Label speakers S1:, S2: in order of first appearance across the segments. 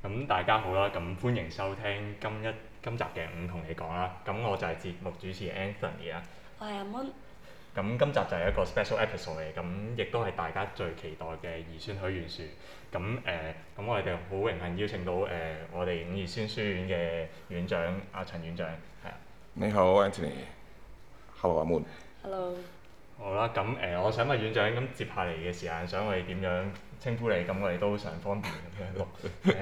S1: 咁大家好啦，咁歡迎收聽今一今集嘅伍同你講啦。咁、嗯、我就係節目主持 Anthony 啦。
S2: 我係阿 Moon、
S1: 嗯。咁今集就係一個 special episode 嘅、嗯，咁亦都係大家最期待嘅宜孫許願樹。咁、嗯、誒，咁、呃嗯、我哋好榮幸邀請到誒、呃、我哋伍宜孫書院嘅院長阿陳院長，係啊。
S3: 你、嗯、Hello. 好，Anthony。Hello，阿 Moon。Hello。
S2: 好
S1: 啦，咁誒，我想問院長，咁、嗯、接下嚟嘅時間，想我哋點樣？稱呼你咁，我哋都好想
S3: 方便咁樣落去。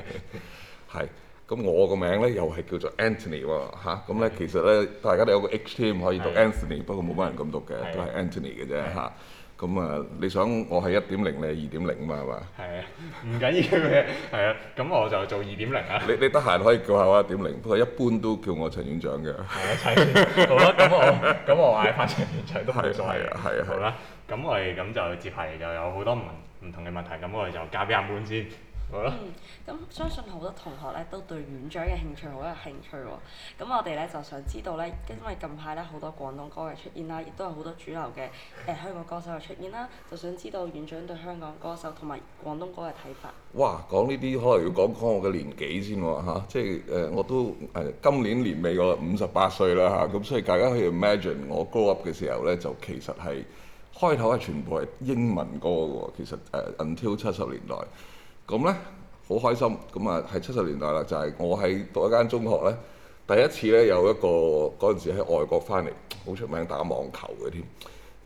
S3: 係，咁我個名咧又係叫做 Anthony 喎，嚇咁咧其實咧，大家都有個 H 添可以讀 Anthony，不過冇乜人咁讀嘅，都係 Anthony 嘅啫嚇。咁啊，你想我係一點零咧，二點零嘛係嘛？
S1: 係啊，唔緊要嘅。係啊，咁我就做二點零啊。你你得閒可以
S3: 叫下我一點零，不過一般都叫我陳院長嘅。係啊，齊。好啦，咁我咁我嗌翻陳院長都冇所謂。係啊，係啊，係啊。好啦，
S1: 咁我哋咁就接下嚟又有好多唔同。唔同嘅問題，咁我哋就交俾阿 Moon 先，
S2: 好啦。咁相信好多同學咧都對院長嘅興趣好有興趣喎。咁我哋咧就想知道咧，因為近排咧好多廣東歌嘅出現啦，亦都有好多主流嘅誒香港歌手嘅出現啦，就想知道院長對香港歌手同埋廣東歌嘅睇法。
S3: 哇！講呢啲可能要講講我嘅年紀先喎嚇，即係誒我都誒今年年尾我五十八歲啦嚇，咁所以大家可以 imagine 我 grow up 嘅時候咧，就其實係。開頭係全部係英文歌喎，其實誒 until 七十年代，咁呢，好開心，咁啊喺七十年代啦，就係、是、我喺讀一間中學呢，第一次呢，有一個嗰陣時喺外國翻嚟，好出名打網球嘅添，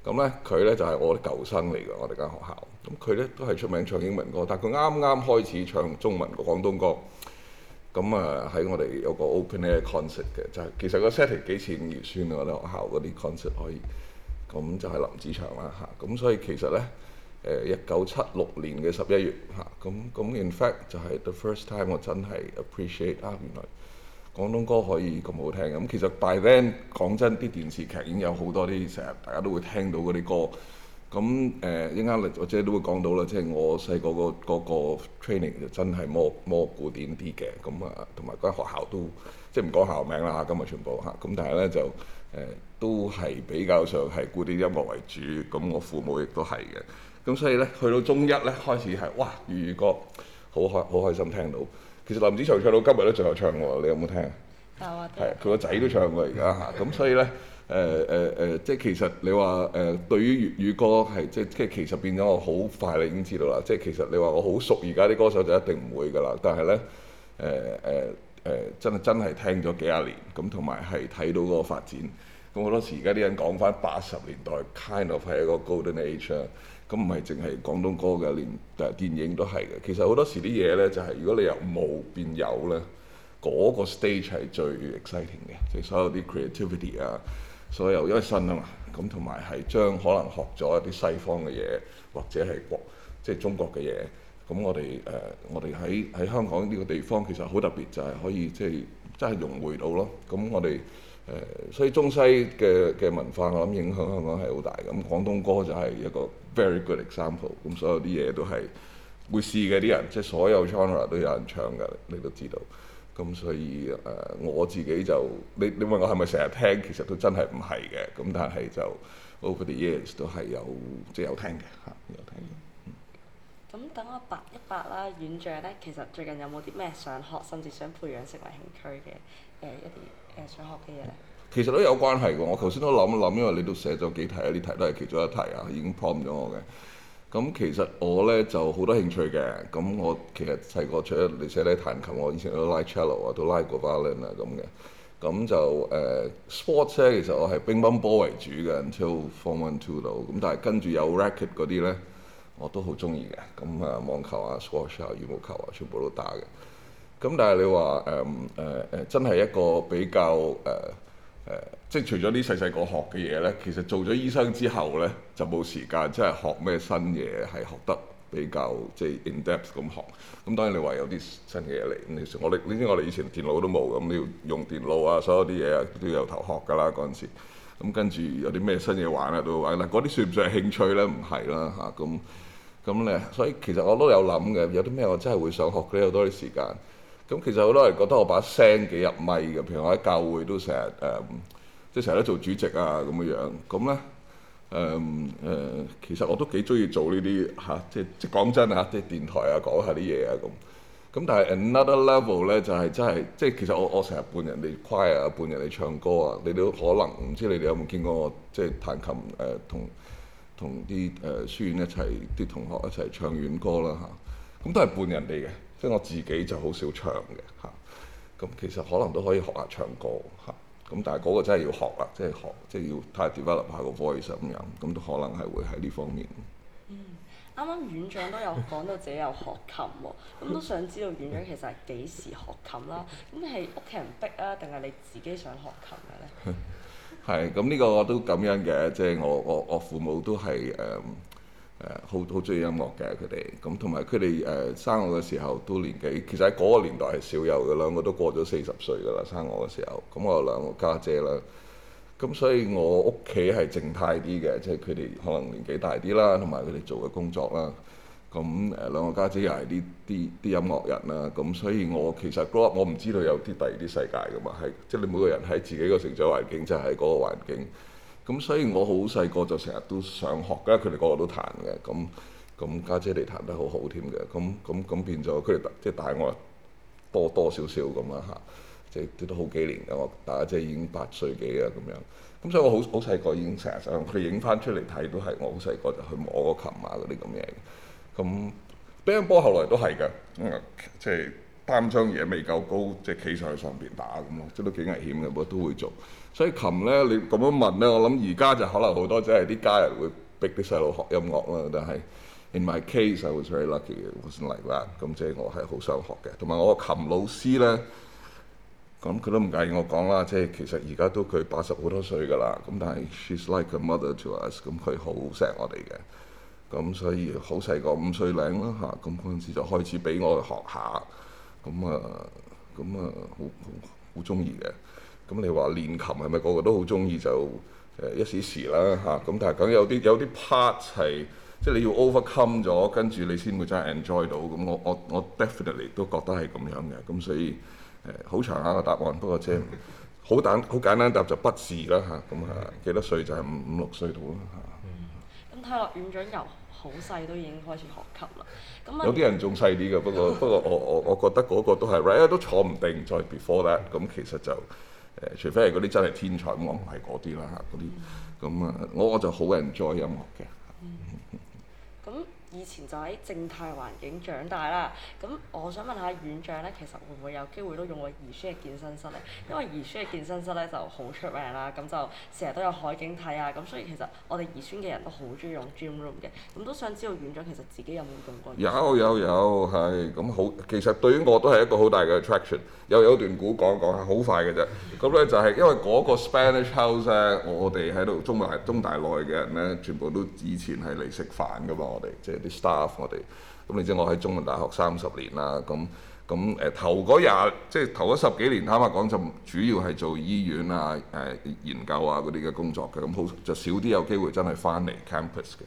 S3: 咁呢，佢呢，就係我啲舊生嚟嘅，我哋間學校，咁佢呢，都係出名唱英文歌，但係佢啱啱開始唱中文廣東歌，咁啊喺我哋有個 open-air concert 嘅，就係、是、其實個 setting 幾似五月天我哋學校嗰啲 concert 可以。咁就係林子祥啦嚇，咁、啊、所以其實呢，誒一九七六年嘅十一月嚇，咁、啊、咁 in fact 就係 the first time 我真係 appreciate 啊，原來廣東歌可以咁好聽嘅。咁、啊、其實 by then 講真啲電視劇已經有好多啲成日大家都會聽到嗰啲歌。咁誒一間我即都會講到啦，即係我細個嗰個 training 就真係 more more 古典啲嘅。咁啊，同埋嗰間學校都即係唔講校名啦嚇，今日全部嚇。咁、啊、但係呢就誒。啊都係比較上係古典音樂為主，咁我父母亦都係嘅。咁所以呢，去到中一呢，開始係哇粵語歌好開好開心聽到。其實林子祥唱到今日都仲有唱喎，你有冇聽？有啊，係佢個仔都唱喎而家嚇。咁 所以呢，誒誒誒，即係其實你話誒、呃、對於粵語歌係即係即係其實變咗我好快你已經知道啦。即係其實你話我好熟，而家啲歌手就一定唔會㗎喇。但係呢，誒、呃、誒、呃呃、真係真係聽咗幾廿年，咁同埋係睇到嗰個發展。咁好多時而家啲人講翻八十年代 kind of 係一個 golden age 啊，咁唔係淨係廣東歌嘅，連誒電影都係嘅。其實好多時啲嘢咧就係、是、如果你由冇變有咧，嗰、那個 stage 係最 exciting 嘅，即、就、係、是、所有啲 creativity 啊，所有因為新啊，咁同埋係將可能學咗一啲西方嘅嘢，或者係國即係、就是、中國嘅嘢，咁我哋誒、uh，我哋喺喺香港呢個地方其實好特別就，就係可以即係真係融匯到咯。咁我哋。呃、所以中西嘅嘅文化，我諗影響香港係好大嘅。咁、嗯、廣東歌就係一個 very good example、嗯。咁所有啲嘢都係會試嘅啲人，即係所有 genre 都有人唱嘅，你都知道。咁、嗯、所以誒、呃，我自己就你你問我係咪成日聽，其實都真係唔係嘅。咁、嗯、但係就 over the years 都係有即係、就是、有聽嘅嚇，有聽嘅。
S2: 咁、嗯、等、嗯、我白一白啦，院長呢，其實最近有冇啲咩想學，甚至想培養成為興趣嘅一啲？
S3: 其實都有關係嘅，我頭先都諗一諗，因為你都寫咗幾題啊，呢題都係其中一題啊，已經 prompt 咗我嘅。咁其實我咧就好多興趣嘅，咁我其實細個除咗你寫咧彈琴，我以前都拉 cello 啊，都拉過 violin 啊咁嘅。咁就誒、呃、sports 咧，其實我係乒乓波為主嘅，until form one two 度，咁但係跟住有 racket 嗰啲咧，我都好中意嘅。咁啊，網球啊、squash 啊、羽毛球啊，全部都打嘅。咁但係你話誒誒誒真係一個比較誒誒、呃呃，即係除咗啲細細個學嘅嘢咧，其實做咗醫生之後咧，就冇時間即係學咩新嘢，係學得比較即係 in depth 咁學。咁當然你話有啲新嘢嚟，我哋你知我哋以前電腦都冇，咁你要用電腦啊，所有啲嘢啊都要由頭學㗎啦嗰陣時。咁跟住有啲咩新嘢玩啊都玩，嗱嗰啲算唔算係興趣咧？唔係啦嚇，咁咁咧，所以其實我都有諗嘅，有啲咩我真係會想學佢有多啲時間。咁其實好多人都覺得我把聲幾入咪嘅，譬如我喺教會都成日誒，即係成日都做主席啊咁樣樣。咁咧誒誒，其實我都幾中意做呢啲嚇，即係即係講真嚇，即係電台啊講下啲嘢啊咁。咁但係 another level 咧就係、是、真係，即係其實我我成日伴人哋 choir 啊，伴人哋唱歌啊，你都可能唔知你哋有冇見過我即係彈琴誒、呃，同同啲誒、呃、書院一齊啲同學一齊唱軟歌啦嚇。咁、啊嗯、都係伴人哋嘅。即係我自己就好少唱嘅嚇，咁、啊、其實可能都可以學下唱歌嚇，咁、啊、但係嗰個真係要學啊，即係學即係要睇下 develop 下個 voice 咁樣，咁都可能係會喺呢方面。
S2: 嗯，啱啱院長都有講 到自己有學琴喎、哦，咁都想知道院長其實幾時學琴啦？咁係屋企人逼啊，定係你，、啊、你自己想學琴嘅咧？
S3: 係， 咁呢個樣、就是、我都咁樣嘅，即係我我我父母都係誒。Um, 誒好好中意音樂嘅佢哋，咁同埋佢哋誒生我嘅時候都年紀，其實喺嗰個年代係少有嘅，兩個都過咗四十歲嘅啦。生我嘅時候，咁我有兩個家姐啦，咁所以我屋企係靜態啲嘅，即係佢哋可能年紀大啲啦，同埋佢哋做嘅工作啦。咁誒兩個家姐又係啲啲啲音樂人啦，咁所以我其實 grow up，我唔知道有啲第二啲世界㗎嘛，係即係你每個人喺自己嘅成長環境就係、是、嗰個環境。咁所以我，我好細個就成日都想學，咁佢哋個個都彈嘅，咁咁家姐哋彈得好好添嘅，咁咁咁變咗佢哋即係大我多多少少咁啦。嚇、嗯，即係都好幾年啦，我大家姐已經八歲幾啊咁樣，咁所以我好好細個已經成日想，佢哋影翻出嚟睇都係我好細個就去摸個琴啊嗰啲咁嘢嘅，咁乒乓波後來都係嘅，即係擔張嘢未夠高，即係企上去上邊打咁咯，即係都幾危險嘅，我都會做。所以琴咧，你咁樣問咧，我諗而家就可能好多即係啲家人會逼啲細路學音樂啦。但係 In my case，I was very lucky，、like that, 嗯、是我算嚟啦。咁即係我係好想學嘅。同埋我琴老師咧，咁、嗯、佢都唔介意我講啦。即係其實而家都佢八十好多歲㗎啦。咁、嗯、但係 She's like a mother to us，咁佢好錫我哋嘅。咁、嗯、所以好細個五歲零啦吓，咁嗰陣時就開始俾我學下。咁、嗯、啊，咁、嗯、啊，好好好中意嘅。咁你話練琴係咪個個都好中意就誒一時時啦嚇？咁、啊、但係講有啲有啲 part 係即係你要 overcome 咗，跟住你先會真係 enjoy 到。咁、啊、我我我 definitely 都覺得係咁樣嘅。咁、啊、所以誒好、啊、長下個答案，不過即係好簡好簡單答就是不是啦嚇。咁啊，啊，啊幾多歲就係五五六歲到啦嚇。
S2: 咁睇落院長由好細都已經開始學琴啦。咁有啲人
S3: 仲細啲嘅，不過 不過我我我覺得嗰個都係、right, 啊都坐唔定再 before that，咁其實就。除非係嗰啲真係天才咁，我唔係嗰啲啦，嗰啲咁啊，我我就好 enjoy 音樂嘅。嗯 嗯
S2: 以前就喺正態環境長大啦，咁我想問下院長咧，其實會唔會有機會都用過宜孫嘅健身室咧？因為宜孫嘅健身室咧就好出名啦，咁就成日都有海景睇啊，咁所以其實我哋宜孫嘅人都好中意用 gym room 嘅，咁都想知道院長其實自己有冇
S3: 用過有？有有有，係，咁好，其實對於我都係一個好大嘅 attraction，又有，有段古講講，係好快嘅啫。咁咧 就係因為嗰個 Spanish house，我哋喺度中大中大內嘅人咧，全部都以前係嚟食飯㗎嘛，我哋即係。啲 staff 我哋，咁你知我喺中文大學三十年啦，咁咁誒頭嗰廿，嗯、20，即係頭嗰十幾年，坦白講就主要係做醫院啊、誒、呃、研究啊嗰啲嘅工作嘅，咁、嗯、好就少啲有機會真係翻嚟 campus 嘅。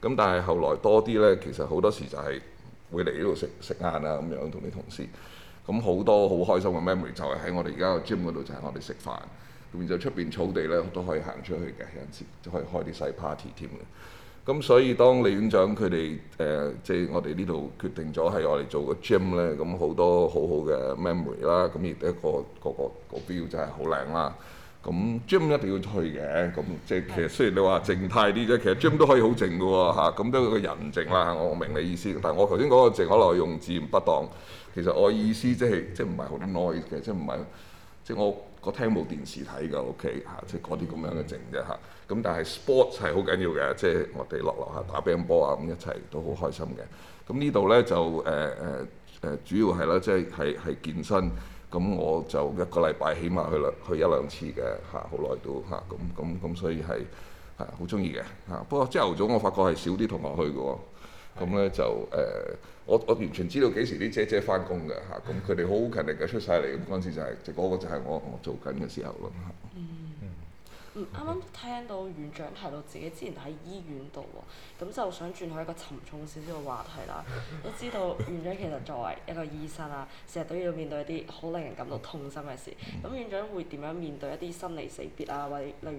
S3: 咁、嗯、但係後來多啲咧，其實好多時就係會嚟呢度食食晏啊，咁樣同啲同事。咁、嗯、好多好開心嘅 memory 就係喺我哋而家個 gym 嗰度， 就係我哋食飯。咁 就出邊草地咧，都可以行出去嘅，有陣時就可以開啲細 party 添嘅。咁所以當李院長佢哋誒，即係我哋呢度決定咗係我哋做個 gym 咧，咁好多好好嘅 memory 啦，咁亦都一個個個個標真係好靚啦。咁、嗯、gym 一定要去嘅，咁即係其實雖然你話靜態啲啫，其實 gym 都可以好靜嘅喎嚇。咁都個人靜啦，我明你意思。但係我頭先講嘅靜，可能我用字不當。其實我意思即係即係唔係好 noise 嘅，即係唔係即係我個廳冇電視睇嘅 OK，嚇，即係嗰啲咁樣嘅靜啫嚇。咁、嗯、但係 sport 係好緊要嘅，即係我哋落樓下打乒乓波啊，咁一齊都好開心嘅。咁呢度咧就誒誒誒，主要係咧，即係係係健身。咁我就一個禮拜起碼去兩去一兩次嘅，嚇、啊，好耐都嚇，咁咁咁，所以係嚇好中意嘅嚇。不過朝頭早我發覺係少啲同學去嘅喎。咁、啊、咧就誒、啊，我我完全知道幾時啲姐姐翻工嘅嚇，咁佢哋好勤力嘅出晒嚟，咁嗰陣時就係即係嗰個就係我我做緊嘅時候咯嚇。啊
S2: 啱啱聽到院長提到自己之前喺醫院度喎，咁就想轉去一個沉重少少嘅話題啦。都知道院長其實作為一個醫生啊，成日都要面對一啲好令人感到痛心嘅事。咁院長會點樣面對一啲生離死別啊？或者例如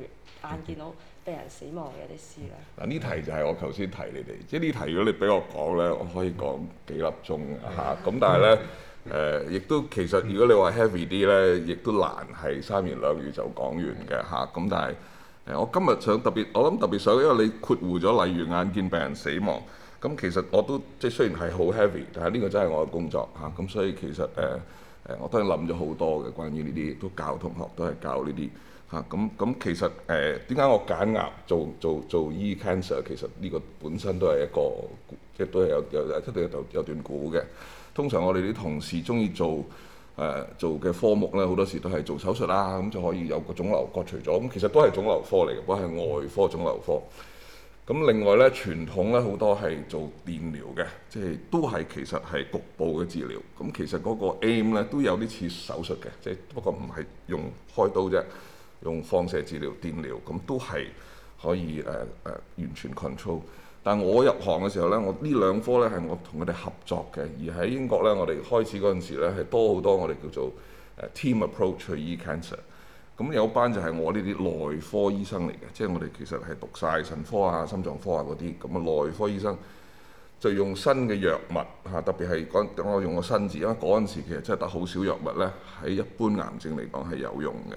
S2: 眼見到病人死亡嘅一啲事呢？
S3: 嗱，呢題就係我頭先提你哋，即係呢題如果你俾我講呢，我可以講幾粒鐘吓。咁 但係呢。 誒，亦都其實，如果你話 heavy 啲咧，亦都難係三言兩語就講完嘅嚇。咁、嗯、但係誒、嗯，我今日想特別，我諗特別想，因為你括弧咗，例如眼見病人死亡，咁、嗯、其實我都即係雖然係好 heavy，但係呢個真係我嘅工作嚇。咁、嗯、所以其實誒誒、嗯，我都係諗咗好多嘅，關於呢啲都教同學都係教呢啲嚇。咁、嗯、咁、嗯、其實誒，點、嗯、解我揀鴨做做做醫、e、cancer？其實呢個本身都係一個即係都係有有有出有有段故嘅。通常我哋啲同事中意做誒、呃、做嘅科目咧，好多時都係做手術啦，咁就可以有個腫瘤割除咗，咁其實都係腫瘤科嚟嘅，不過係外科腫瘤科。咁另外咧，傳統咧好多係做電療嘅，即係都係其實係局部嘅治療。咁其實嗰個 aim 咧都有啲似手術嘅，即係不過唔係用開刀啫，用放射治療、電療，咁都係可以誒誒、呃呃、完全 control。但我入行嘅時候呢，我呢兩科呢係我同佢哋合作嘅，而喺英國呢，我哋開始嗰陣時咧係多好多我哋叫做 team approach 去醫 cancer。咁 can 有一班就係我呢啲內科醫生嚟嘅，即係我哋其實係讀晒腎科啊、心臟科啊嗰啲，咁、那、啊、個、內科醫生就用新嘅藥物嚇，特別係講等我用個新字，因為嗰陣時其實真係得好少藥物呢，喺一般癌症嚟講係有用嘅。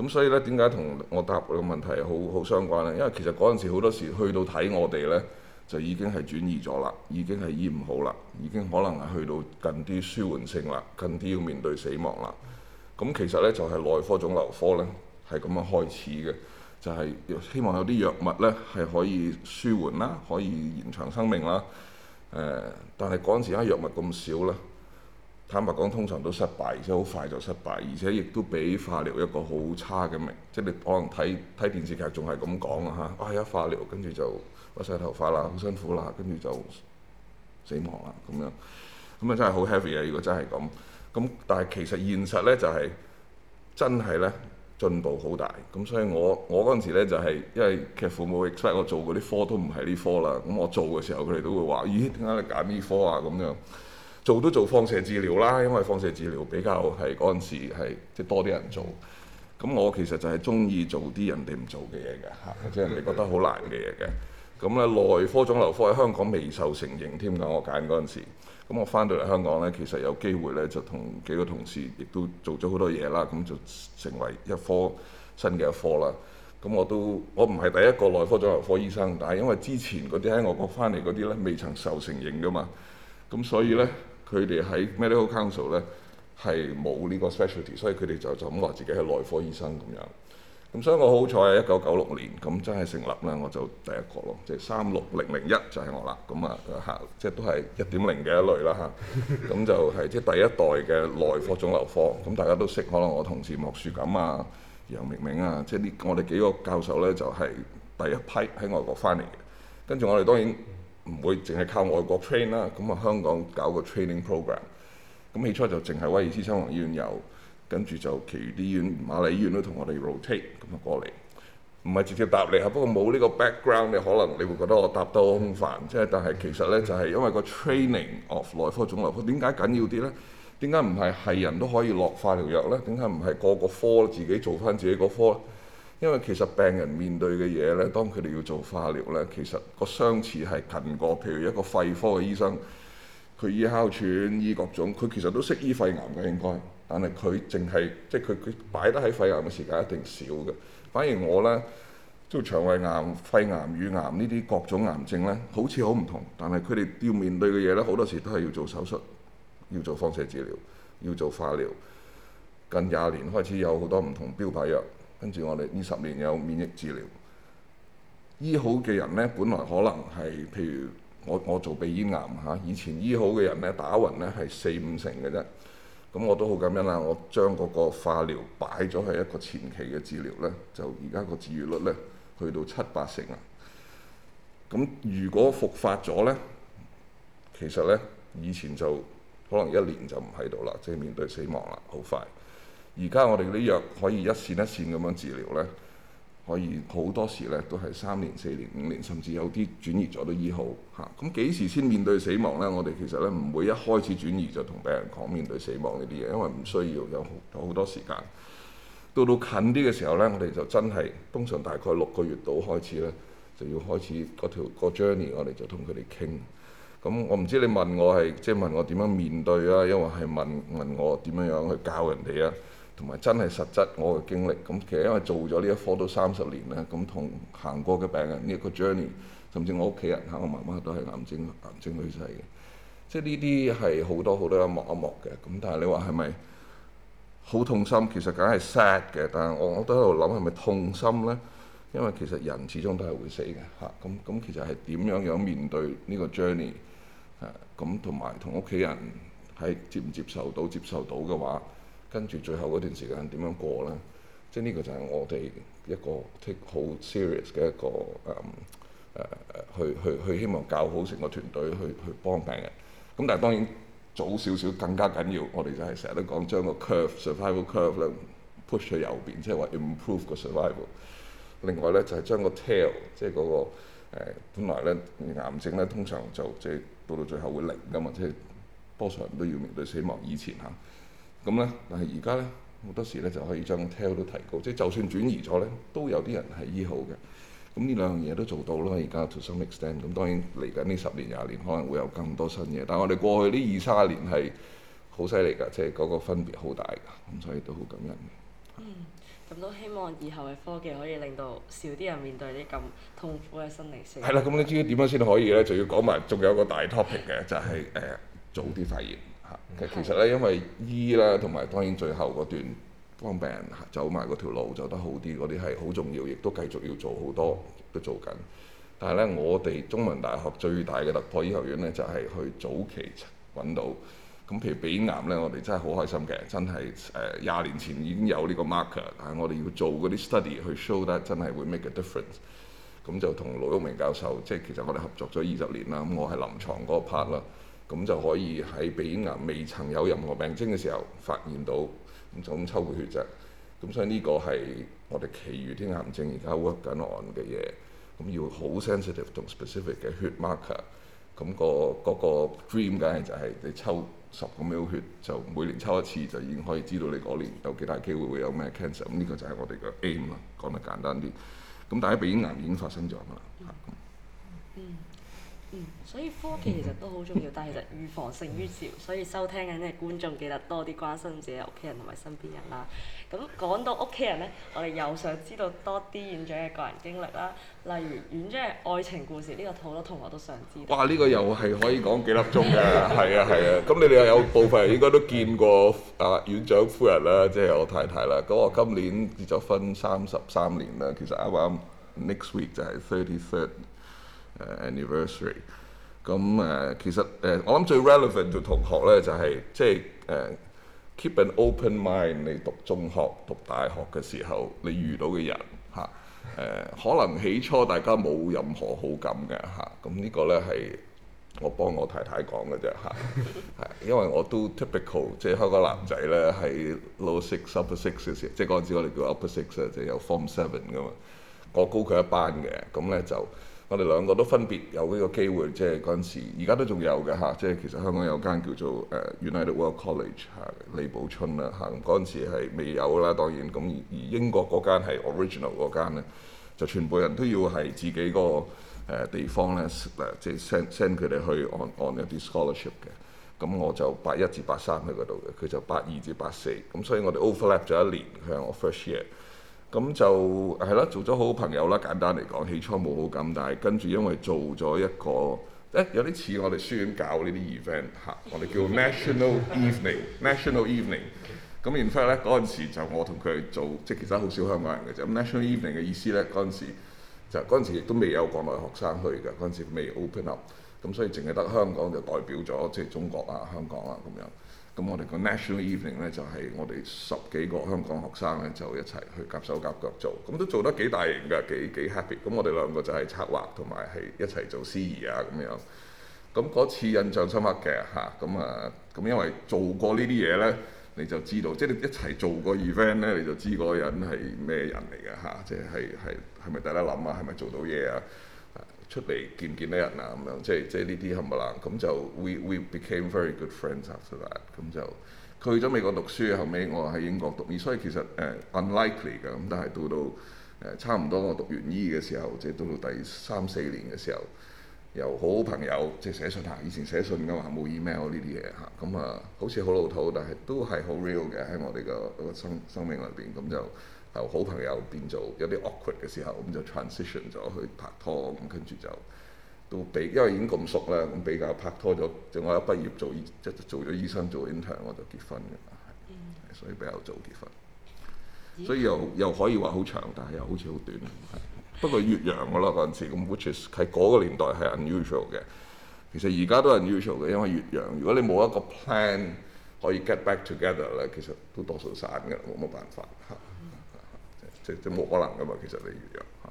S3: 咁所以咧，點解同我答個問題好好相關呢？因為其實嗰陣時好多時去到睇我哋呢，就已經係轉移咗啦，已經係醫唔好啦，已經可能係去到近啲舒緩性啦，近啲要面對死亡啦。咁其實呢，就係、是、內科腫瘤科呢，係咁樣開始嘅，就係、是、希望有啲藥物呢，係可以舒緩啦，可以延長生命啦、呃。但係嗰陣時咧藥物咁少咧。坦白講，通常都失敗，而且好快就失敗，而且亦都畀化療一個好差嘅名，即係你可能睇睇電視劇仲係咁講啊嚇，啊一化療，跟住就甩晒頭髮啦，好辛苦啦，跟住就死亡啦，咁樣，咁啊真係好 heavy 啊！如果真係咁，咁但係其實現實呢，就係、是、真係呢進步好大，咁所以我我嗰陣時呢就係、是、因為其實父母亦 expect 我做嗰啲科都唔係呢科啦，咁我做嘅時候佢哋都會話：咦，點解你揀呢科啊？咁樣。做都做放射治療啦，因為放射治療比較係嗰陣時係即係多啲人做。咁我其實就係中意做啲人哋唔做嘅嘢嘅，即係人哋覺得好難嘅嘢嘅。咁咧內科腫瘤科喺香港未受承認添㗎，我揀嗰陣時。咁我翻到嚟香港咧，其實有機會咧就同幾個同事亦都做咗好多嘢啦，咁就成為一科新嘅一科啦。咁我都我唔係第一個內科腫瘤科醫生，但係因為之前嗰啲喺外國翻嚟嗰啲咧未曾受承認㗎嘛，咁所以咧。佢哋喺 Medical Council 咧係冇呢個 specialty，所以佢哋就就咁話自己係內科醫生咁樣。咁所以我好彩啊！一九九六年咁真係成立咧，我就第一個咯，即係三六零零一就係我啦。咁啊嚇，即係都係一點零嘅一類啦嚇。咁就係即係第一代嘅內科腫瘤科。咁大家都識，可能我同事莫樹錦啊、楊明明啊，即係呢我哋幾個教授咧就係第一批喺外國翻嚟嘅。跟住我哋當然。唔會淨係靠外國 train 啦，咁啊香港搞個 training program，咁起初就淨係威爾斯親王醫院有，跟住就其餘啲醫院瑪麗醫院都同我哋 rotate，咁啊過嚟，唔係直接答你。嚇，不過冇呢個 background 你可能你會覺得我答得好空泛，即係但係其實呢，就係因為個 training of 內科腫瘤科，佢點解緊要啲呢？點解唔係係人都可以落化療藥呢？點解唔係個個科自己做翻自己嗰科？因為其實病人面對嘅嘢呢，當佢哋要做化療呢，其實個相似係近過，譬如一個肺科嘅醫生，佢醫哮喘、醫各種，佢其實都識醫肺癌嘅應該，但係佢淨係即係佢佢擺得喺肺癌嘅時間一定少嘅。反而我呢，做腸胃癌、肺癌、乳癌呢啲各種癌症呢，好似好唔同，但係佢哋要面對嘅嘢呢，好多時都係要做手術、要做放射治療、要做化療。近廿年開始有好多唔同標靶藥。跟住我哋呢十年有免疫治療，醫好嘅人呢，本來可能係譬如我我做鼻咽癌嚇，以前醫好嘅人呢，打暈呢，係四五成嘅啫。咁我都好感恩啦，我將嗰個化療擺咗係一個前期嘅治療呢，就而家個治愈率呢去到七八成啦。咁如果復發咗呢，其實呢以前就可能一年就唔喺度啦，即係面對死亡啦，好快。而家我哋啲藥可以一線一線咁樣治療呢，可以好多時呢都係三年、四年、五年，甚至有啲轉移咗都醫好。嚇、嗯。咁幾時先面對死亡呢？我哋其實呢唔會一開始轉移就同病人講面對死亡呢啲嘢，因為唔需要有好多時間。到到近啲嘅時候呢，我哋就真係通常大概六個月度開始呢，就要開始嗰條個 journey，我哋就同佢哋傾。咁、嗯、我唔知你問我係即係問我點樣面對啊？因為係問問我點樣樣去教人哋啊？同埋真係實質我嘅經歷，咁其實因為做咗呢一科都三十年啦，咁同行過嘅病人呢一個 journey，甚至我屋企人，嚇我媽媽都係癌症癌症女仔嘅，即係呢啲係好多好多一幕一幕嘅。咁但係你話係咪好痛心？其實梗係 sad 嘅，但係我我都喺度諗係咪痛心呢？因為其實人始終都係會死嘅，嚇咁咁其實係點樣樣面對呢個 journey？咁同埋同屋企人係接唔接受到，接受到嘅話。跟住最後嗰段時間點樣過呢？即係呢個就係我哋一個 take 好 serious 嘅一個誒誒、嗯呃，去去希望教好成個團隊去去幫病人。咁但係當然早少少更加緊要，我哋就係成日都講將個 curve survival curve 咧 push 去右邊，即係話 improve 個 survival。另外呢，就係、是、將個 tail，即係嗰、那個、呃、本來呢癌症呢，通常就即係到到最後會零㗎嘛，即係多數人都要面對死亡以前嚇。咁咧，但係而家咧好多時咧就可以將 tell 都提高，即係就算轉移咗咧，都有啲人係醫好嘅。咁呢兩樣嘢都做到啦。而家 to some extent，咁當然嚟緊呢十年廿年可能會有更多新嘢。但係我哋過去呢二三十年係好犀利㗎，即係嗰個分別好大㗎，咁所以都好感恩嘅。嗯，
S2: 咁都希望以後嘅科技可以令到少啲人面對啲咁痛苦嘅心理傷。係啦，咁
S3: 你知於點樣先可以咧？就要講埋，仲有個大 topic 嘅就係誒早啲發現。嗯、其實咧，因為醫啦，同埋當然最後嗰段幫病人走埋嗰條路走得好啲，嗰啲係好重要，亦都繼續要做好多都做緊。但係咧，我哋中文大學最大嘅突破醫學院咧，就係、是、去早期揾到。咁譬如鼻癌咧，我哋真係好開心嘅，真係誒廿年前已經有呢個 marker，但係我哋要做嗰啲 study 去 show that 真係會 make a difference。咁就同盧煜明教授，即係其實我哋合作咗二十年啦，咁我係臨床嗰 part 啦。咁就可以喺鼻咽癌未曾有任何病徵嘅時候發現到，咁就咁抽個血啫。咁所以呢個係我哋其餘啲癌症而家 work 緊 on 嘅嘢。咁要好 sensitive 同 specific 嘅血 marker、那個。咁、那個嗰個 dream 梗係就係你抽十個秒血，就每年抽一次就已經可以知道你嗰年有幾大機會會有咩 cancer。咁呢個就係我哋嘅 aim 啦，講得簡單啲。咁但係鼻咽癌已經發生咗㗎啦。Yeah. Yeah.
S2: 嗯、所以科技其實都好重要，但係其實預防勝於治療，所以收聽緊嘅觀眾記得多啲關心自己屋企人同埋身邊人啦。咁講到屋企人呢，我哋又想知道多啲院長嘅個人經歷啦，例如院長嘅愛情故事呢、呢個好多同學都想知道。哇！呢、呢個
S3: 又係可以講幾粒鐘嘅，係啊係啊。咁、啊啊、 你哋又有部分人應該都見過啊院長夫人啦，即、就、係、是、我太太啦。咁我今年結咗婚三十三年啦，其實啱啱 next week 就係 thirty third。誒、uh, anniversary，咁誒、uh, 其實誒、uh, 我諗最 relevant 對同學咧就係即係誒 keep an open mind。你讀中學讀大學嘅時候，你遇到嘅人嚇誒、啊啊，可能起初大家冇任何好感嘅嚇。咁、啊啊這個、呢個咧係我幫我太太講嘅啫嚇，係、啊、 因為我都 typical 即係香港男仔咧係 low six upper six 嘅時，即係嗰陣時我哋叫 upper six 啊，即係有 form seven 噶嘛，我高佢一班嘅，咁咧就。我哋兩個都分別有呢個機會，即係嗰陣時，而家都仲有嘅嚇。即係其實香港有間叫做誒 United World College 嚇，李寶春啦嚇。咁嗰陣時係未有啦，當然咁。而英國嗰間係 original 嗰間咧，就全部人都要係自己個誒地方咧，即係 send send 佢哋去按按一啲 scholarship 嘅。咁我就八一至八三喺嗰度嘅，佢就八二至八四。咁所以我哋 overlap 咗一年向我 first year。咁就係啦，做咗好朋友啦。簡單嚟講，起初冇好感，但係跟住因為做咗一個，有啲似我哋書院搞呢啲 event 吓， 我哋叫 National Evening，National Evening。咁然之後呢，嗰陣時就我同佢做，即係其實好少香港人嘅啫。National Evening 嘅意思呢，嗰陣時就嗰陣時亦都未有國內學生去嘅，嗰陣時未 open up。咁所以淨係得香港就代表咗即係中國啊、香港啊咁樣。咁我哋個 National Evening 咧，就係、是、我哋十幾個香港學生咧，就一齊去夾手夾腳做，咁都做得幾大型㗎，幾幾 happy。咁我哋兩個就係策劃同埋係一齊做司儀啊咁樣。咁嗰次印象深刻嘅嚇，咁啊咁因為做過呢啲嘢咧，你就知道即係一齊做過 event 咧，你就知嗰個人係咩人嚟嘅。嚇、啊，即係係係咪大家諗啊，係咪做到嘢啊？出嚟見唔見得人啊？咁樣即係即係呢啲冚唪唥？咁就 we we became very good friends after that。咁就佢去咗美國讀書，後尾我喺英國讀醫。所以其實誒、uh, unlikely 㗎。咁但係到到差唔多我讀完醫、e、嘅時候，即係到到第三四年嘅時候，又好朋友即係寫信啊。以前寫信㗎嘛，冇 email 呢啲嘢吓。咁啊，好似好老土，但係都係好 real 嘅喺我哋個個生生命入邊咁就。由好朋友變做有啲 awkward 嘅時候，咁就 transition 咗去拍拖，咁跟住就都比因為已經咁熟啦，咁比較拍拖咗，就我一畢業做即做咗醫生做 intern，我就結婚嘅，係所以比較早結婚，嗯、所以又又可以話好長，但係又好似好短，不過越洋嘅啦嗰陣時，咁 which is 喺嗰個年代係 unusual 嘅，其實而家都 unusual 嘅，因為越洋如果你冇一個 plan 可以 get back together 咧，其實都多數散嘅，冇乜辦法。即即冇可能噶嘛，其實你一樣嚇，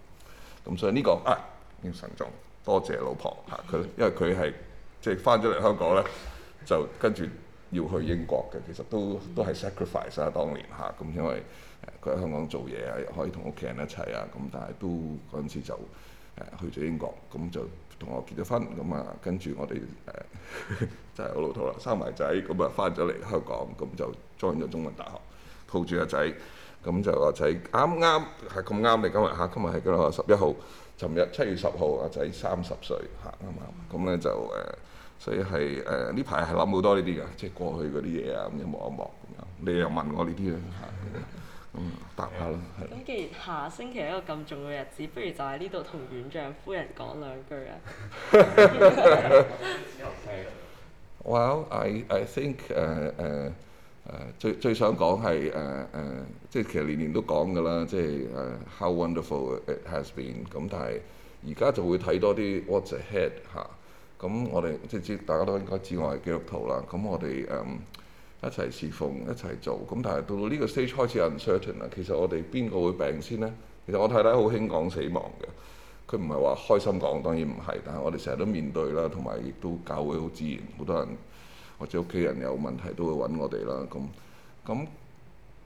S3: 咁所以呢、呢個啊，應承咗。多謝老婆嚇，佢、啊、因為佢係即係翻咗嚟香港咧，就跟住要去英國嘅，其實都都係 sacrifice 啊，當年嚇咁、啊，因為佢喺香港做嘢啊，又可以同屋企人一齊啊，咁但係都嗰陣時就誒去咗英國，咁、啊、就同我結咗婚，咁啊跟住我哋誒、啊、 就係好老土啦，生埋仔，咁啊翻咗嚟香港，咁、啊、就 join 咗中文大學，抱住個仔。咁就阿仔啱啱係咁啱嚟今日嚇，今日係嘅啦，十一號，尋日七月十號，阿仔三十歲嚇，啱啱咁咧就誒，所以係誒呢排係諗好多呢啲嘅，即係過去嗰啲嘢啊，望一望咁樣，你又問我呢啲咧嚇，咁答下咯。咁
S2: 既然下星期一個咁重嘅日子，不如就喺呢度同院長夫人講兩句啊。
S3: Well, I I think 誒誒誒最最想講係誒誒。即係其實年年都講㗎啦，即係誒 how wonderful it has been 咁，但係而家就會睇多啲 what's ahead 咁、啊、我哋即係大家都應該知我係基督徒啦。咁我哋誒、um, 一齊侍奉，一齊做。咁但係到到呢個 stage 開始 uncertain 啦。其實我哋邊個會病先呢？其實我太太好興講死亡嘅，佢唔係話開心講，當然唔係。但係我哋成日都面對啦，同埋亦都教會好自然，好多人或者屋企人有問題都會揾我哋啦。咁咁。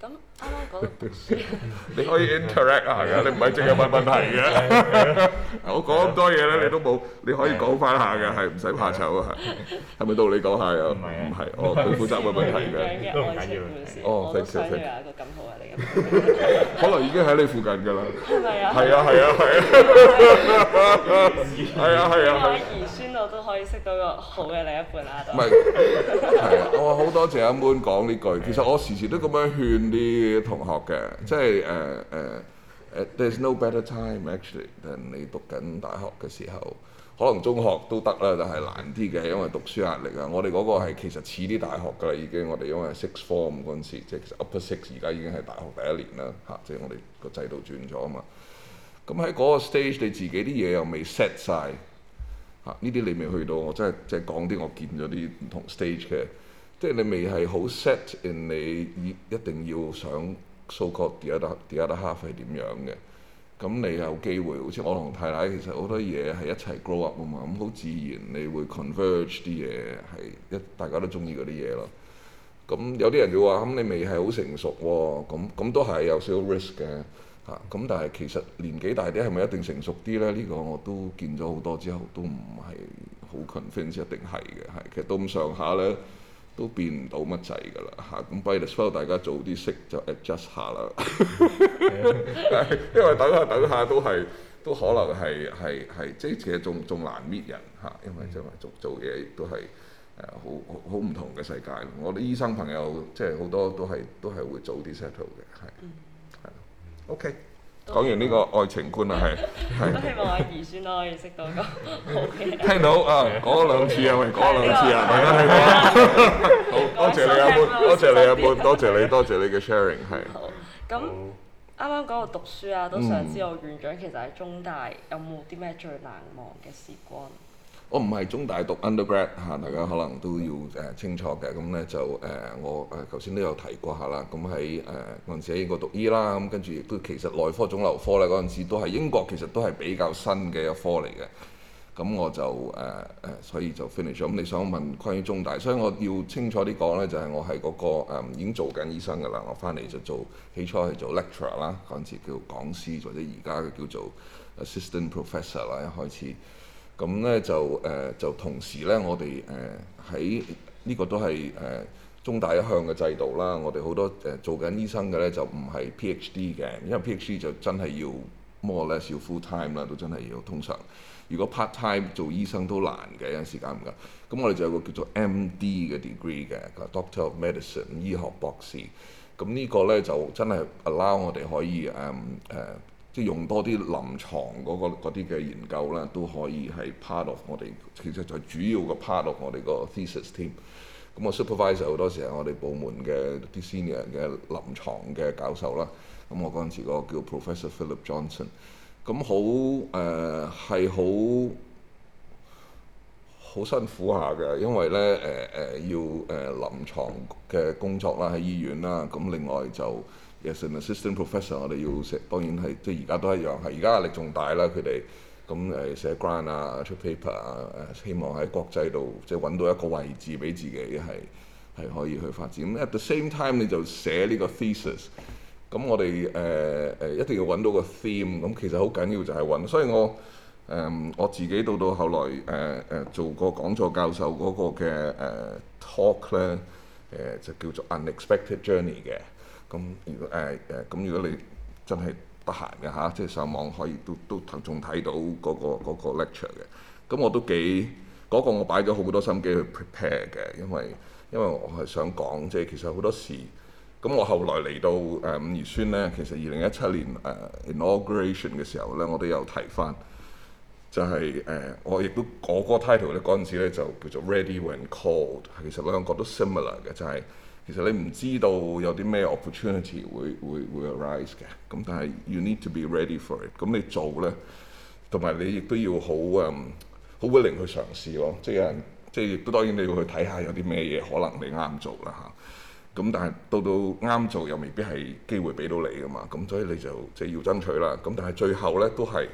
S3: 咁啱啱講，你可以 interact 下嘅，你唔係淨係問問題嘅。我講咁多嘢咧，你都冇，你可以講返下嘅，係唔使怕醜啊，係咪到你講下又？唔係啊，唔係哦，佢負責問問題嘅，都唔緊要。哦，得得得，可能已經喺你附近噶啦，係啊，係啊，係啊，係啊，係啊。我都可以識到個好嘅另一半啊！唔係，係啊！我話好多謝阿 Moon 講呢句。其實我時時都咁樣勸啲同學嘅，即係誒誒、uh, uh, There's no better time actually than 你讀緊大學嘅時候，可能中學都得啦，但係難啲嘅，因為讀書壓力啊。我哋嗰個係其實似啲大學㗎啦，已經我哋因為 six form 嗰陣時，即係 upper six，而家已經係大學第一年啦。嚇，即係我哋個制度轉咗啊嘛。咁喺嗰個 stage，你自己啲嘢又未 set 晒。呢啲、啊、你未去到，我真係即係講啲我見咗啲唔同 stage 嘅，即係你未係好 set in 你一定要想 So called the other, the other half 係點樣嘅，咁你有機會，好似我同太太其實好多嘢係一齊 grow up 嘅嘛，咁好自然你會 converge 啲嘢係一大家都中意嗰啲嘢咯。咁有啲人就話，咁你未係好成熟喎，咁咁都係有少少 risk 嘅。嚇！咁、啊、但係其實年紀大啲係咪一定成熟啲咧？呢、呢個我都見咗好多之後，都唔係好 confirm 一定係嘅，係其實都咁上下咧，都變唔到乜滯噶啦嚇！咁 by the spell 大家早啲識就 adjust 下啦， 因為等下等下都係都可能係係係，即係其實仲仲難搣人嚇、啊，因為因為做做嘢都係誒、啊、好好唔同嘅世界。我啲醫生朋友即係好多都係都係會早啲 settle 嘅，係。O K，講完呢個愛情觀啊，係我希望
S2: 阿宜孫都可以識到個。O 聽到啊，講咗兩次啊，咪講咗兩次啊，係
S3: 好多謝你阿妹，多謝你阿妹，多謝你，多謝你嘅 sharing 係。好，
S2: 咁啱啱講到讀書啊，都想知我院長其實喺中大有冇啲咩最難忘嘅時光。
S3: 我唔係中大讀 undergrad 嚇、啊，大家可能都要誒、啊、清楚嘅。咁咧就誒、啊、我誒頭先都有提過下啦。咁喺誒嗰陣時喺英國讀醫啦，咁、啊、跟住亦都其實內科腫瘤科咧，嗰陣時都係英國其實都係比較新嘅一科嚟嘅。咁我就誒誒、啊、所以就 finish 咗、啊。你想問關於中大，所以我要清楚啲講咧，就係、是、我係嗰、那個、嗯、已經做緊醫生嘅啦。我翻嚟就做，起初係做 lecturer 啦，嗰陣時叫講師，或者而家叫做 assistant professor 啦，一開始。咁咧就誒、呃、就同時咧，我哋誒喺呢個都係誒、呃、中大一向嘅制度啦。我哋好多誒、呃、做緊醫生嘅咧，就唔係 PhD 嘅，因為 PhD 就真係要 more or less 要 full time 啦，都真係要通常。如果 part time 做醫生都難嘅，有陣時搞唔夠。咁我哋就有個叫做 M.D. 嘅 degree 嘅 Doctor of Medicine 醫學博士。咁呢個咧就真係 allow 我哋可以誒誒。呃呃即係用多啲臨床嗰個嗰啲嘅研究啦，都可以係 part of 我哋其實就主要嘅 part of 我哋個 thesis team 咁我 supervisor 好多時係我哋部門嘅啲 senior 嘅臨床嘅教授啦。咁我嗰陣時個叫 Professor Philip Johnson。咁好誒係好好辛苦下嘅，因為咧誒誒要誒、呃、臨床嘅工作啦，喺醫院啦。咁另外就～亦 s yes, an assistant n a professor，我哋要寫，當然係即係而家都一樣，係而家壓力仲大啦。佢哋咁誒寫 grant 啊、出 paper 啊，誒希望喺國際度即係揾到一個位置俾自己係係可以去發展。At the same time，你就寫呢個 thesis。咁、嗯、我哋誒誒一定要揾到個 theme。咁其實好緊要就係揾。所以我誒、嗯、我自己到到後來誒誒、呃、做過講座教授嗰個嘅誒、呃、talk 咧、呃，誒就叫做 unexpected journey 嘅。咁如果誒誒咁如果你真係得閒嘅話，即係上網可以都都睇仲睇到嗰、那個那個 lecture 嘅。咁我都幾嗰、那個我擺咗好多心機去 prepare 嘅，因為因為我係想講即係其實好多時。咁我後來嚟到誒伍宜孫咧，其實二零一七年誒、啊、inauguration 嘅時候咧，我都有提翻、就是，就係誒我亦都我個 title 咧嗰陣時咧就叫做 ready when called，其實兩個都 similar 嘅就係、是。其實你唔知道有啲咩 opportunity 會會會 arise 嘅，咁但係 you need to be ready for it。咁你做咧，同埋你亦都要好嗯好 willing 去嘗試咯。即係有人，即係當然你要去睇下有啲咩嘢可能你啱做啦嚇。咁、啊、但係到到啱做又未必係機會俾到你噶嘛。咁所以你就即係要爭取啦。咁但係最後咧都係、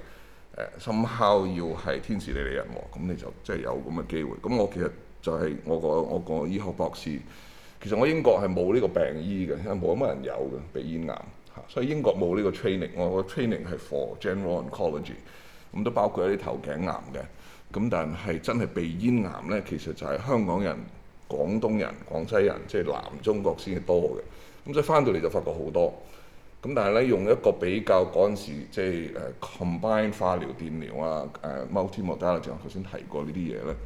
S3: uh, somehow 要係天時地利，利人和，咁你就即係、就係、有咁嘅機會。咁我其實就係我個我個醫學博士。其實我英國係冇呢個病醫嘅，因為冇乜人有嘅鼻咽癌，嚇，所以英國冇呢個 training。我個 training 係 for general oncology，咁都包括一啲頭頸癌嘅。咁但係真係鼻咽癌咧，其實就係香港人、廣東人、廣西人，即係南中國先至多嘅。咁所以翻到嚟就發覺好多。咁但係咧用一個比較嗰陣時，即係誒 combine 化療電療啊，誒、uh, multi modal，就我頭先提過呢啲嘢咧。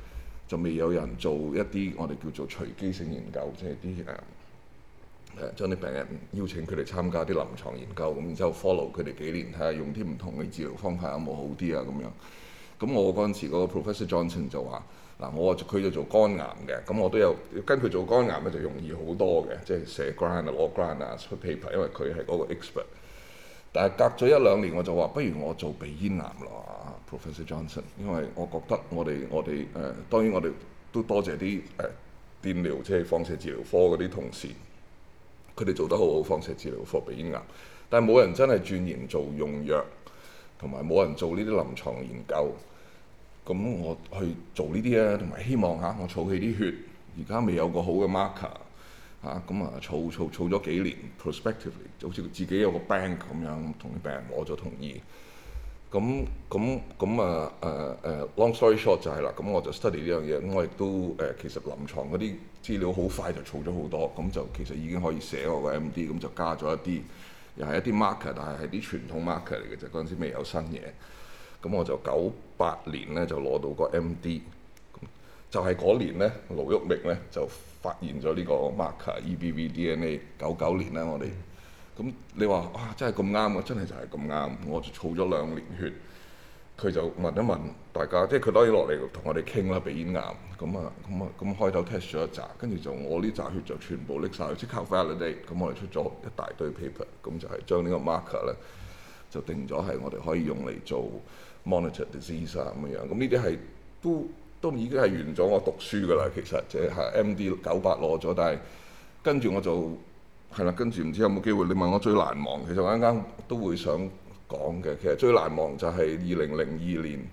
S3: 就未有人做一啲我哋叫做隨機性研究，即係啲誒誒將啲病人邀請佢哋參加啲臨床研究，咁然之後 follow 佢哋幾年，睇下用啲唔同嘅治療方法有冇好啲啊咁樣。咁我嗰陣時嗰個 Professor Johnson 就話嗱，我話佢就做肝癌嘅，咁我都有跟佢做肝癌嘅就容易好多嘅，即係寫 grant 啊、攞 grant 啊、出 paper，因為佢係嗰個 expert。但係隔咗一兩年，我就話不如我做鼻咽癌啦，Professor Johnson，因為我覺得我哋我哋誒、呃、當然我哋都多謝啲誒、呃、電療即係放射治療科嗰啲同事，佢哋做得好好，放射治療科鼻咽癌，但係冇人真係轉型做用藥，同埋冇人做呢啲臨床研究，咁我去做呢啲啊，同埋希望吓我儲起啲血，而家未有個好嘅 marker。嚇咁啊，儲儲儲咗幾年，prospectively，就好似自己有個 bank 咁樣，同啲病人攞咗同意。咁咁咁啊誒誒，long story short 就係啦，咁我就 study 呢樣嘢，咁我亦都誒其實臨床嗰啲資料好快就儲咗好多，咁就其實已經可以寫我個 MD，咁就加咗一啲，又係一啲 marker，但係係啲傳統 marker 嚟嘅，就嗰陣時未有新嘢。咁我就九八年咧就攞到個 MD，就係嗰年咧，盧煜明咧就。發現咗呢個 marker EBV DNA 九九年咧，我哋咁你話哇，真係咁啱啊！真係就係咁啱，我就儲咗兩年血，佢就問一問大家，即係佢當然落嚟同我哋傾啦，鼻咽癌咁啊，咁、嗯、啊，咁、嗯嗯嗯、開頭 test 咗一紮，跟住就我呢紮血就全部拎晒，即刻 validate，咁、嗯、我哋出咗一大堆 paper，咁、嗯、就係、是、將、er、呢個 marker 咧就定咗係我哋可以用嚟做 monitored disease 咁樣樣，咁呢啲係都。都已經係完咗我讀書噶啦，其實即係 MD 九八攞咗，但係跟住我就係啦，跟住唔知有冇機會？你問我最難忘，其實我啱啱都會想講嘅。其實最難忘就係二零零二年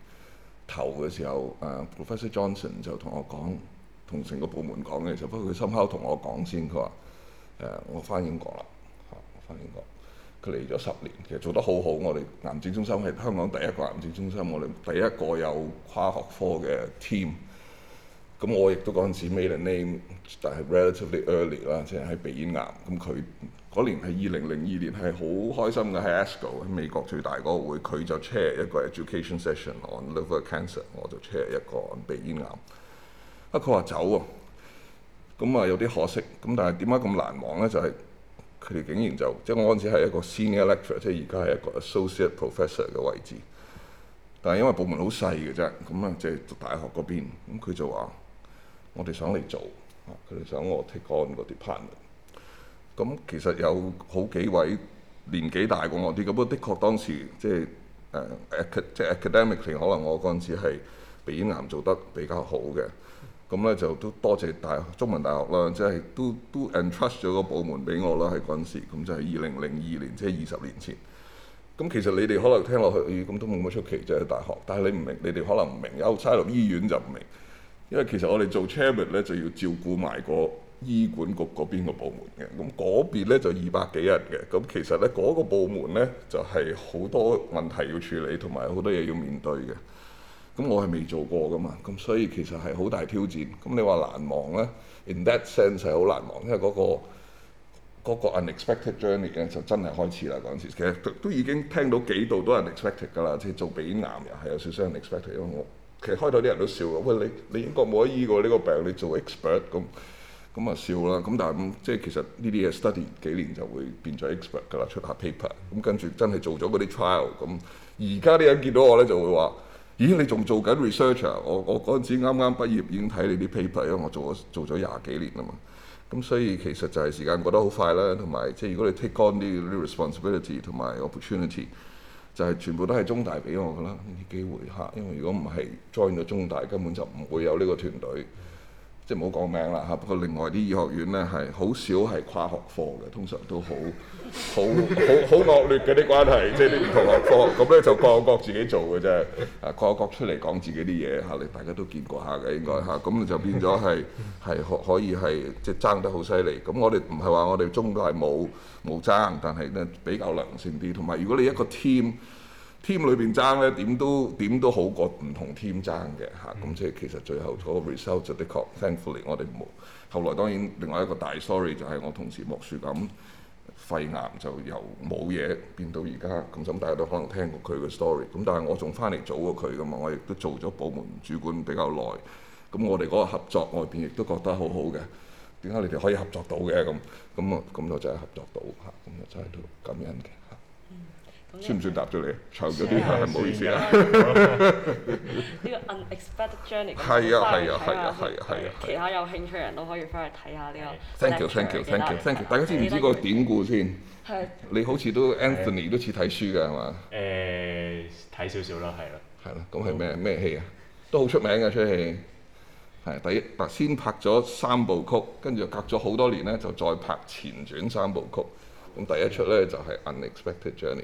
S3: 頭嘅時候，誒、uh, Professor Johnson 就同我講，同成個部門講嘅時候，不過佢深刻同我講先，佢話誒我翻英國啦，吓我翻英國。佢嚟咗十年，其實做得好好。我哋癌症中心係香港第一個癌症中心，我哋第一個有跨學科嘅 team。咁我亦都嗰陣時 made a name，但係 relatively early 啦，即係喺鼻咽癌。咁佢嗰年係二零零二年，係好開心嘅，喺 a s c o 喺美國最大嗰個會，佢就 chair 一個 education session on liver cancer，我就 chair 一個鼻咽癌。佢話走啊，咁啊有啲可惜。咁但係點解咁難忘呢？就係、是。佢哋竟然就即係我嗰陣時係一個 senior lecturer，即係而家係一個 associate professor 嘅位置。但係因為部門好細嘅啫，咁啊即係大學嗰邊，咁佢就話：我哋想嚟做，佢哋想我 take on 嗰啲 partner。咁其實有好幾位年紀大過我啲，咁啊的確當時即係誒 acad、uh, 即係 academic 上可能我嗰陣時係鼻咽癌做得比較好嘅。咁咧就都多謝大學中文大學啦，即係都都 entrust 咗個部門俾我啦。喺嗰陣時，咁就係二零零二年，即係二十年前。咁其實你哋可能聽落去，咦？咁都冇乜出奇，就係大學。但係你唔明，你哋可能唔明。有差落醫院就唔明，因為其實我哋做 chairman 咧就要照顧埋個醫管局嗰邊個部門嘅。咁嗰邊咧就二百幾人嘅。咁其實咧嗰個部門咧就係好多問題要處理，同埋好多嘢要面對嘅。咁我係未做過噶嘛，咁所以其實係好大挑戰。咁你話難忘咧，in that sense 係好難忘，因為嗰個嗰個 unexpected journey 就真係開始啦嗰陣時。其實都已經聽到幾度都係 unexpected 噶啦，即係做鼻癌又係有少少 unexpected。因為我其實開頭啲人都笑，喂，你你應該冇得醫㗎呢個病，你做 expert 咁咁啊笑啦。咁但係咁即係其實呢啲嘢 study 幾年就會變咗 expert 噶啦，出下 paper。咁跟住真係做咗嗰啲 trial。咁而家啲人見到我咧就會話。咦！你仲做緊 research 啊？我我嗰陣時啱啱畢業已經睇你啲 paper，因為我做咗做咗廿幾年啦嘛。咁所以其實就係時間過得好快啦，同埋即係如果你 take on 啲 responsibility 同埋 opportunity，就係全部都係中大俾我㗎啦啲機會嚇，因為如果唔係 join 咗中大，根本就唔會有呢個團隊。即係唔好講名啦嚇，不過另外啲醫學院咧係好少係跨學科嘅，通常都好好好好惡劣嘅啲關係，即係啲唔同學科，咁咧就各個各自己做嘅啫，啊各個各出嚟講自己啲嘢嚇，你、啊、大家都見過下嘅應該嚇，咁、啊啊、就變咗係係可可以係即係爭得好犀利。咁我哋唔係話我哋中大冇冇爭，但係咧比較良性啲。同埋如果你一個 team，team 裏邊爭咧點都點都好過唔同 team 爭嘅嚇，咁、啊、即係其實最後嗰個 result 就的確 thankfully 我哋冇，後來當然另外一個大 story 就係我同事莫樹錦肺癌，就由冇嘢變到而家咁，咁、啊、大家都可能聽過佢嘅 story，咁、啊、但係我仲翻嚟早過佢噶嘛，我亦都做咗部門主管比較耐，咁、啊、我哋嗰個合作外邊亦都覺得好好嘅，點解你哋可以合作到嘅？咁咁啊咁我就係合作到嚇，咁、啊、就真係都感恩嘅。算唔算答咗你？長咗啲，係唔好意思啊。呢個 unexpected journey 係
S2: 啊係啊係啊係啊係啊，其他有興趣人都可以翻去睇下呢個。Thank you, thank you, thank you, thank you！大家知唔知個
S3: 典故先？係你好似都 Anthony 都似睇書㗎係嘛？誒睇少少啦，係啦，係啦。咁係咩咩戲啊？都好出名嘅出戲，係第一先拍咗三部曲，跟住隔咗好多年咧，就再拍前傳三部曲。咁第一出咧就係 unexpected journey。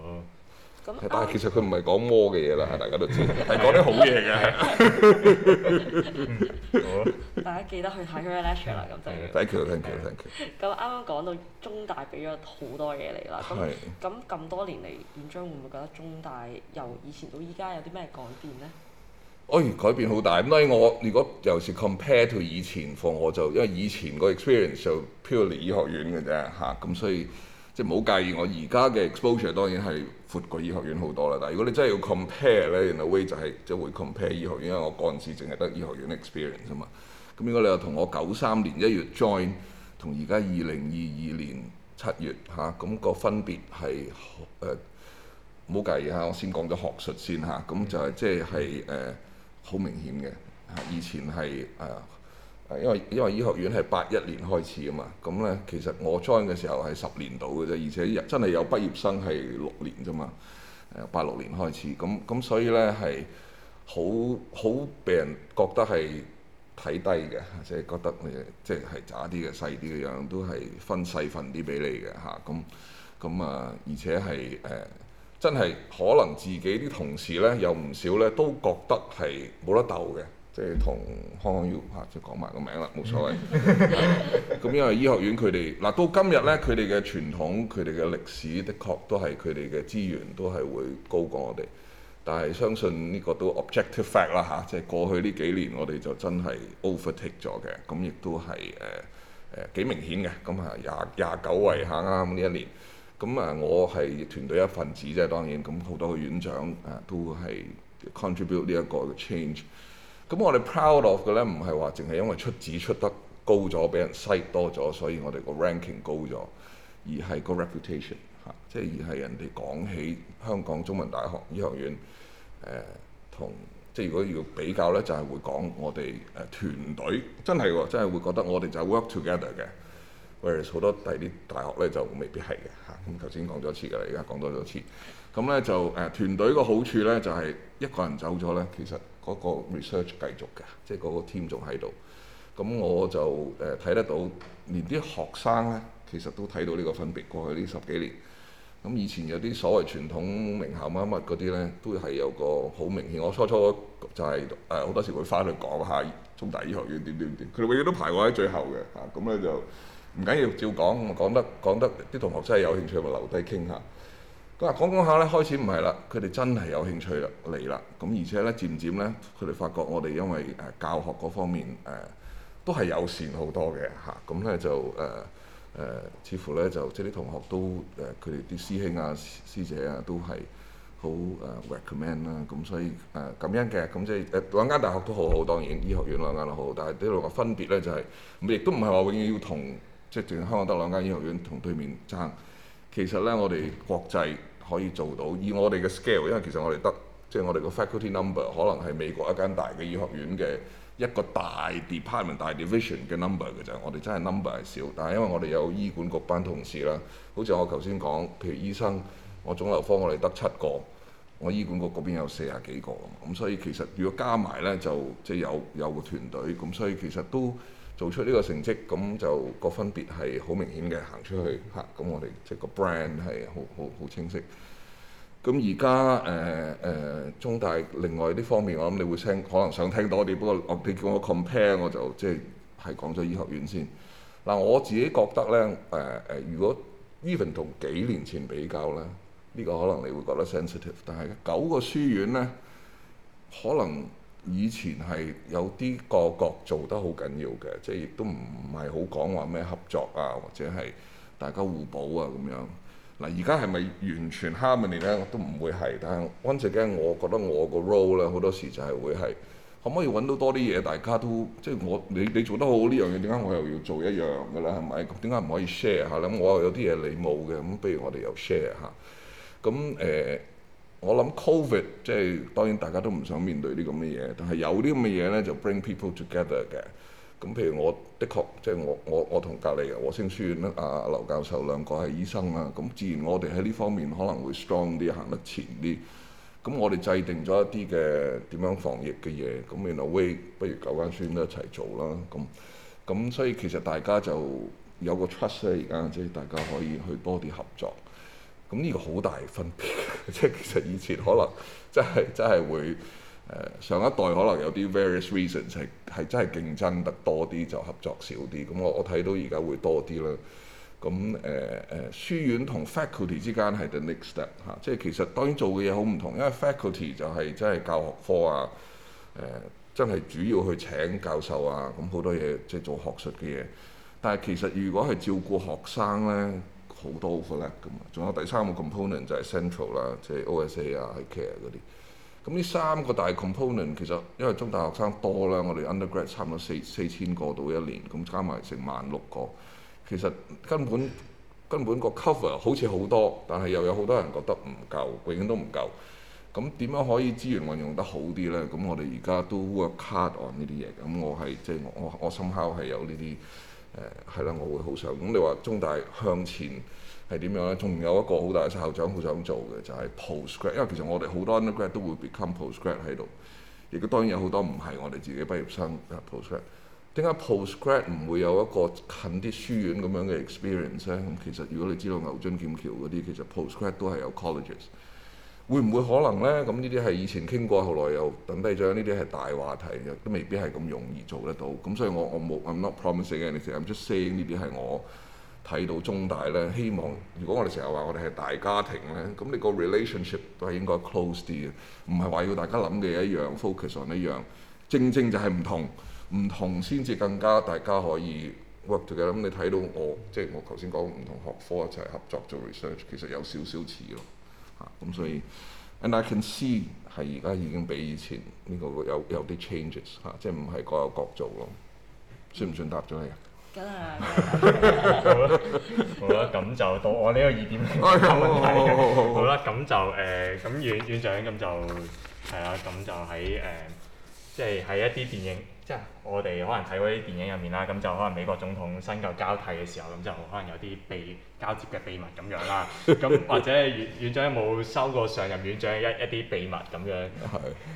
S3: 但係其實佢唔係講魔嘅嘢啦， 大家都知，係講啲好嘢嘅。好 大家記得去
S2: 睇嗰個 lecture 啦，咁就要、是。Thank you thank you thank you。咁啱啱講到中大俾咗好多嘢嚟啦，咁咁 多年嚟，院長會唔會覺得中大由以前到依家有啲咩改變呢？
S3: 哎，改變好大。咁咧，我如果尤其是 compare to 以前課，我就因為以前個 experience 就 purely 醫學院嘅啫，吓，咁所以。即係唔好介意我而家嘅 exposure 當然係闊過醫學院好多啦，但係如果你真係要 compare 咧，原來 way 就係即係會 compare 醫學院，因為我嗰陣時淨係得醫學院 experience 啊嘛。咁應該你又同我九三年一月 join，同而家二零二二年七月吓，咁個分別係誒，唔好介意吓，我先講咗學術先吓，咁就係即係誒好明顯嘅，以前係誒。呃因為因為醫學院係八一年開始啊嘛，咁咧其實我 join 嘅時候係十年度嘅啫，而且真係有畢業生係六年啫嘛，八六年開始，咁咁所以呢，係好好畀人覺得係睇低嘅，即係覺得誒即係係渣啲嘅細啲嘅樣，都係分細份啲俾你嘅嚇，咁、啊、咁啊，而且係誒、呃、真係可能自己啲同事呢，有唔少呢，都覺得係冇得鬥嘅。即係同 Hong Kong U 嚇，即係講埋個名啦，冇所謂。咁 因為醫學院佢哋嗱到今日咧，佢哋嘅傳統、佢哋嘅歷史，的確都係佢哋嘅資源都係會高過我哋。但係相信呢個都 objective fact 啦嚇，即係過去呢幾年我哋就真係 overtake 咗嘅。咁亦都係誒誒幾明顯嘅。咁啊廿廿九位下，啱呢一年。咁啊我係團隊一份子啫，當然咁好多個院長啊都係 contribute 呢一個嘅 change。咁我哋 proud of 嘅咧，唔係話淨係因為出紙出得高咗，俾人 cite 多咗，所以我哋個 ranking 高咗，而係個 reputation 嚇、啊，即係而係人哋講起香港中文大學醫學院，誒、啊、同即係如果要比較咧，就係、是、會講我哋誒、啊、團隊真係喎，真係、哦、會覺得我哋就 work together 嘅，whereas 好多第啲大學咧就未必係嘅嚇。咁頭先講咗一次㗎啦，而家講多咗一次。咁咧就誒、呃、團隊嘅好處咧，就係、是、一個人走咗咧，其實嗰個 research 繼續嘅，即係嗰個 team 仲喺度。咁我就誒睇、呃、得到，連啲學生咧，其實都睇到呢個分別，過去呢十幾年。咁以前有啲所謂傳統名校乜乜嗰啲咧，都係有個好明顯。我初初就係誒好多時會翻去講下中大醫學院點點點。佢哋永遠都排我喺最後嘅，啊咁咧就唔緊要，照講，講得講得啲同學真係有興趣咪留低傾下。咁啊，講講下咧，開始唔係啦，佢哋真係有興趣啦，嚟啦。咁而且咧，漸漸咧，佢哋發覺我哋因為誒教學嗰方面誒、呃、都係友善好多嘅嚇。咁、啊、咧、嗯、就誒誒、呃呃，似乎咧就即係啲同學都誒，佢哋啲師兄啊、師姐啊都係好誒 recommend 啦、啊。咁所以誒咁、呃、樣嘅，咁、嗯、即係誒兩間大學都好好，當然醫學院兩間都好，好。但係呢度嘅分別咧就係亦都唔係話永遠要同即係淨係香港得兩間醫學院同對面爭。其實咧，我哋國際。可以做到，以我哋嘅 scale，因為其實我哋得即係、就是、我哋個 faculty number 可能係美國一間大嘅醫學院嘅一個大 department 大 division 嘅 number 嘅，就係，我哋真係 number 係少，但係因為我哋有醫管局班同事啦，好似我頭先講，譬如醫生，我腫瘤科我哋得七個，我醫管局嗰邊有四十幾個，咁所以其實如果加埋咧就即係有有個團隊，咁所以其實都。做出呢個成績，咁就個分別係好明顯嘅行出去，嚇、嗯、咁我哋即係個 brand 係好好好清晰。咁而家誒誒中大另外啲方面，我諗你會聽，可能想聽多啲。不過我你叫我 compare，我就即係係講咗醫學院先。嗱、啊，我自己覺得呢，誒、呃、誒，如果 even 同幾年前比較呢，呢、這個可能你會覺得 sensitive。但係九個書院呢，可能。以前係有啲個別做得好緊要嘅，即係亦都唔係好講話咩合作啊，或者係大家互補啊咁樣。嗱，而家係咪完全 Harmony 咧？都唔會係。但係溫姐，我覺得我個 role 咧，好多時就係會係可唔可以揾到多啲嘢，大家都即係我你你做得好呢樣嘢，點解我又要做一樣㗎啦？係咪？點解唔可以 share 下咧？我又有啲嘢你冇嘅，咁不如我哋又 share 下。咁誒。呃我諗 Covid 即係當然大家都唔想面對啲咁嘅嘢，但係有啲咁嘅嘢咧就 bring people together 嘅。咁譬如我的確即係我我我同隔離嘅和聲書院阿劉教授兩個係醫生啦。咁自然我哋喺呢方面可能會 strong 啲，行得前啲。咁我哋制定咗一啲嘅點樣防疫嘅嘢。咁 in a way 不如九間書院都一齊做啦。咁咁所以其實大家就有個 trust 而家即係大家可以去多啲合作。咁呢個好大分別，即係其實以前可能真係真係會上一代可能有啲 various reasons 係係真係競爭得多啲，就合作少啲。咁我我睇到而家會多啲啦。咁誒誒，書院同 faculty 之間係 the next step 嚇。即係其實當然做嘅嘢好唔同，因為 faculty 就係真係教學科啊，誒真係主要去請教授啊，咁好多嘢即係做學術嘅嘢。但係其實如果係照顧學生呢。好多 overlap 㗎嘛，仲有第三個 component 就係 central 啦，即係 OSA 啊、care 嗰啲。咁呢三個大 component 其實因為中大學生多啦，我哋 undergrad、er、差唔多四四千個到一年，咁加埋成萬六個，其實根本根本個 cover 好似好多，但係又有好多人覺得唔夠，永遠都唔夠。咁點樣可以資源運用得好啲呢？咁我哋而家都 work hard on 呢啲嘢。咁我係即係我我我深刻係有呢啲。誒係啦，我會好想咁。你話中大向前係點樣呢？仲有一個好大嘅校長好想做嘅，就係、是、post grad。因為其實我哋好多 undergrad 都會 become post grad 喺度。亦都當然有好多唔係我哋自己畢業生、啊、post grad post。點解 post grad 唔會有一個近啲書院咁樣嘅 experience 呢？咁其實如果你知道牛津劍橋嗰啲，其實 post grad 都係有 colleges。會唔會可能呢？咁呢啲係以前傾過，後來又等低咗。呢啲係大話題，又都未必係咁容易做得到。咁所以我我冇 I'm not promising anything, I'm just saying。呢啲係我睇到中大呢。希望如果我哋成日話我哋係大家庭呢，咁你個 relationship 都係應該 close 啲嘅，唔係話要大家諗嘅一樣，focus on 一樣。正正就係唔同，唔同先至更加大家可以 work together。咁你睇到我即係、就是、我頭先講唔同學科一齊、就是、合作做 research，其實有少少似咯。咁、啊、所以，and I can see 係而家已經比以前呢、這個有有啲 changes，嚇、啊，即係唔係各有各做咯，算唔算答咗你？梗係，好啦、就是，好、呃、啦，咁就到我呢個二點零級問題嘅，好啦，咁
S1: 就誒，咁院院長咁就係啦，咁就喺誒，即係喺一啲電影。即係我哋可能睇嗰啲電影入面啦，咁就可能美國總統新舊交替嘅時候，咁就可能有啲秘交接嘅秘密咁樣啦。咁 或者院院長有冇收過上任院長嘅一一啲秘密咁樣？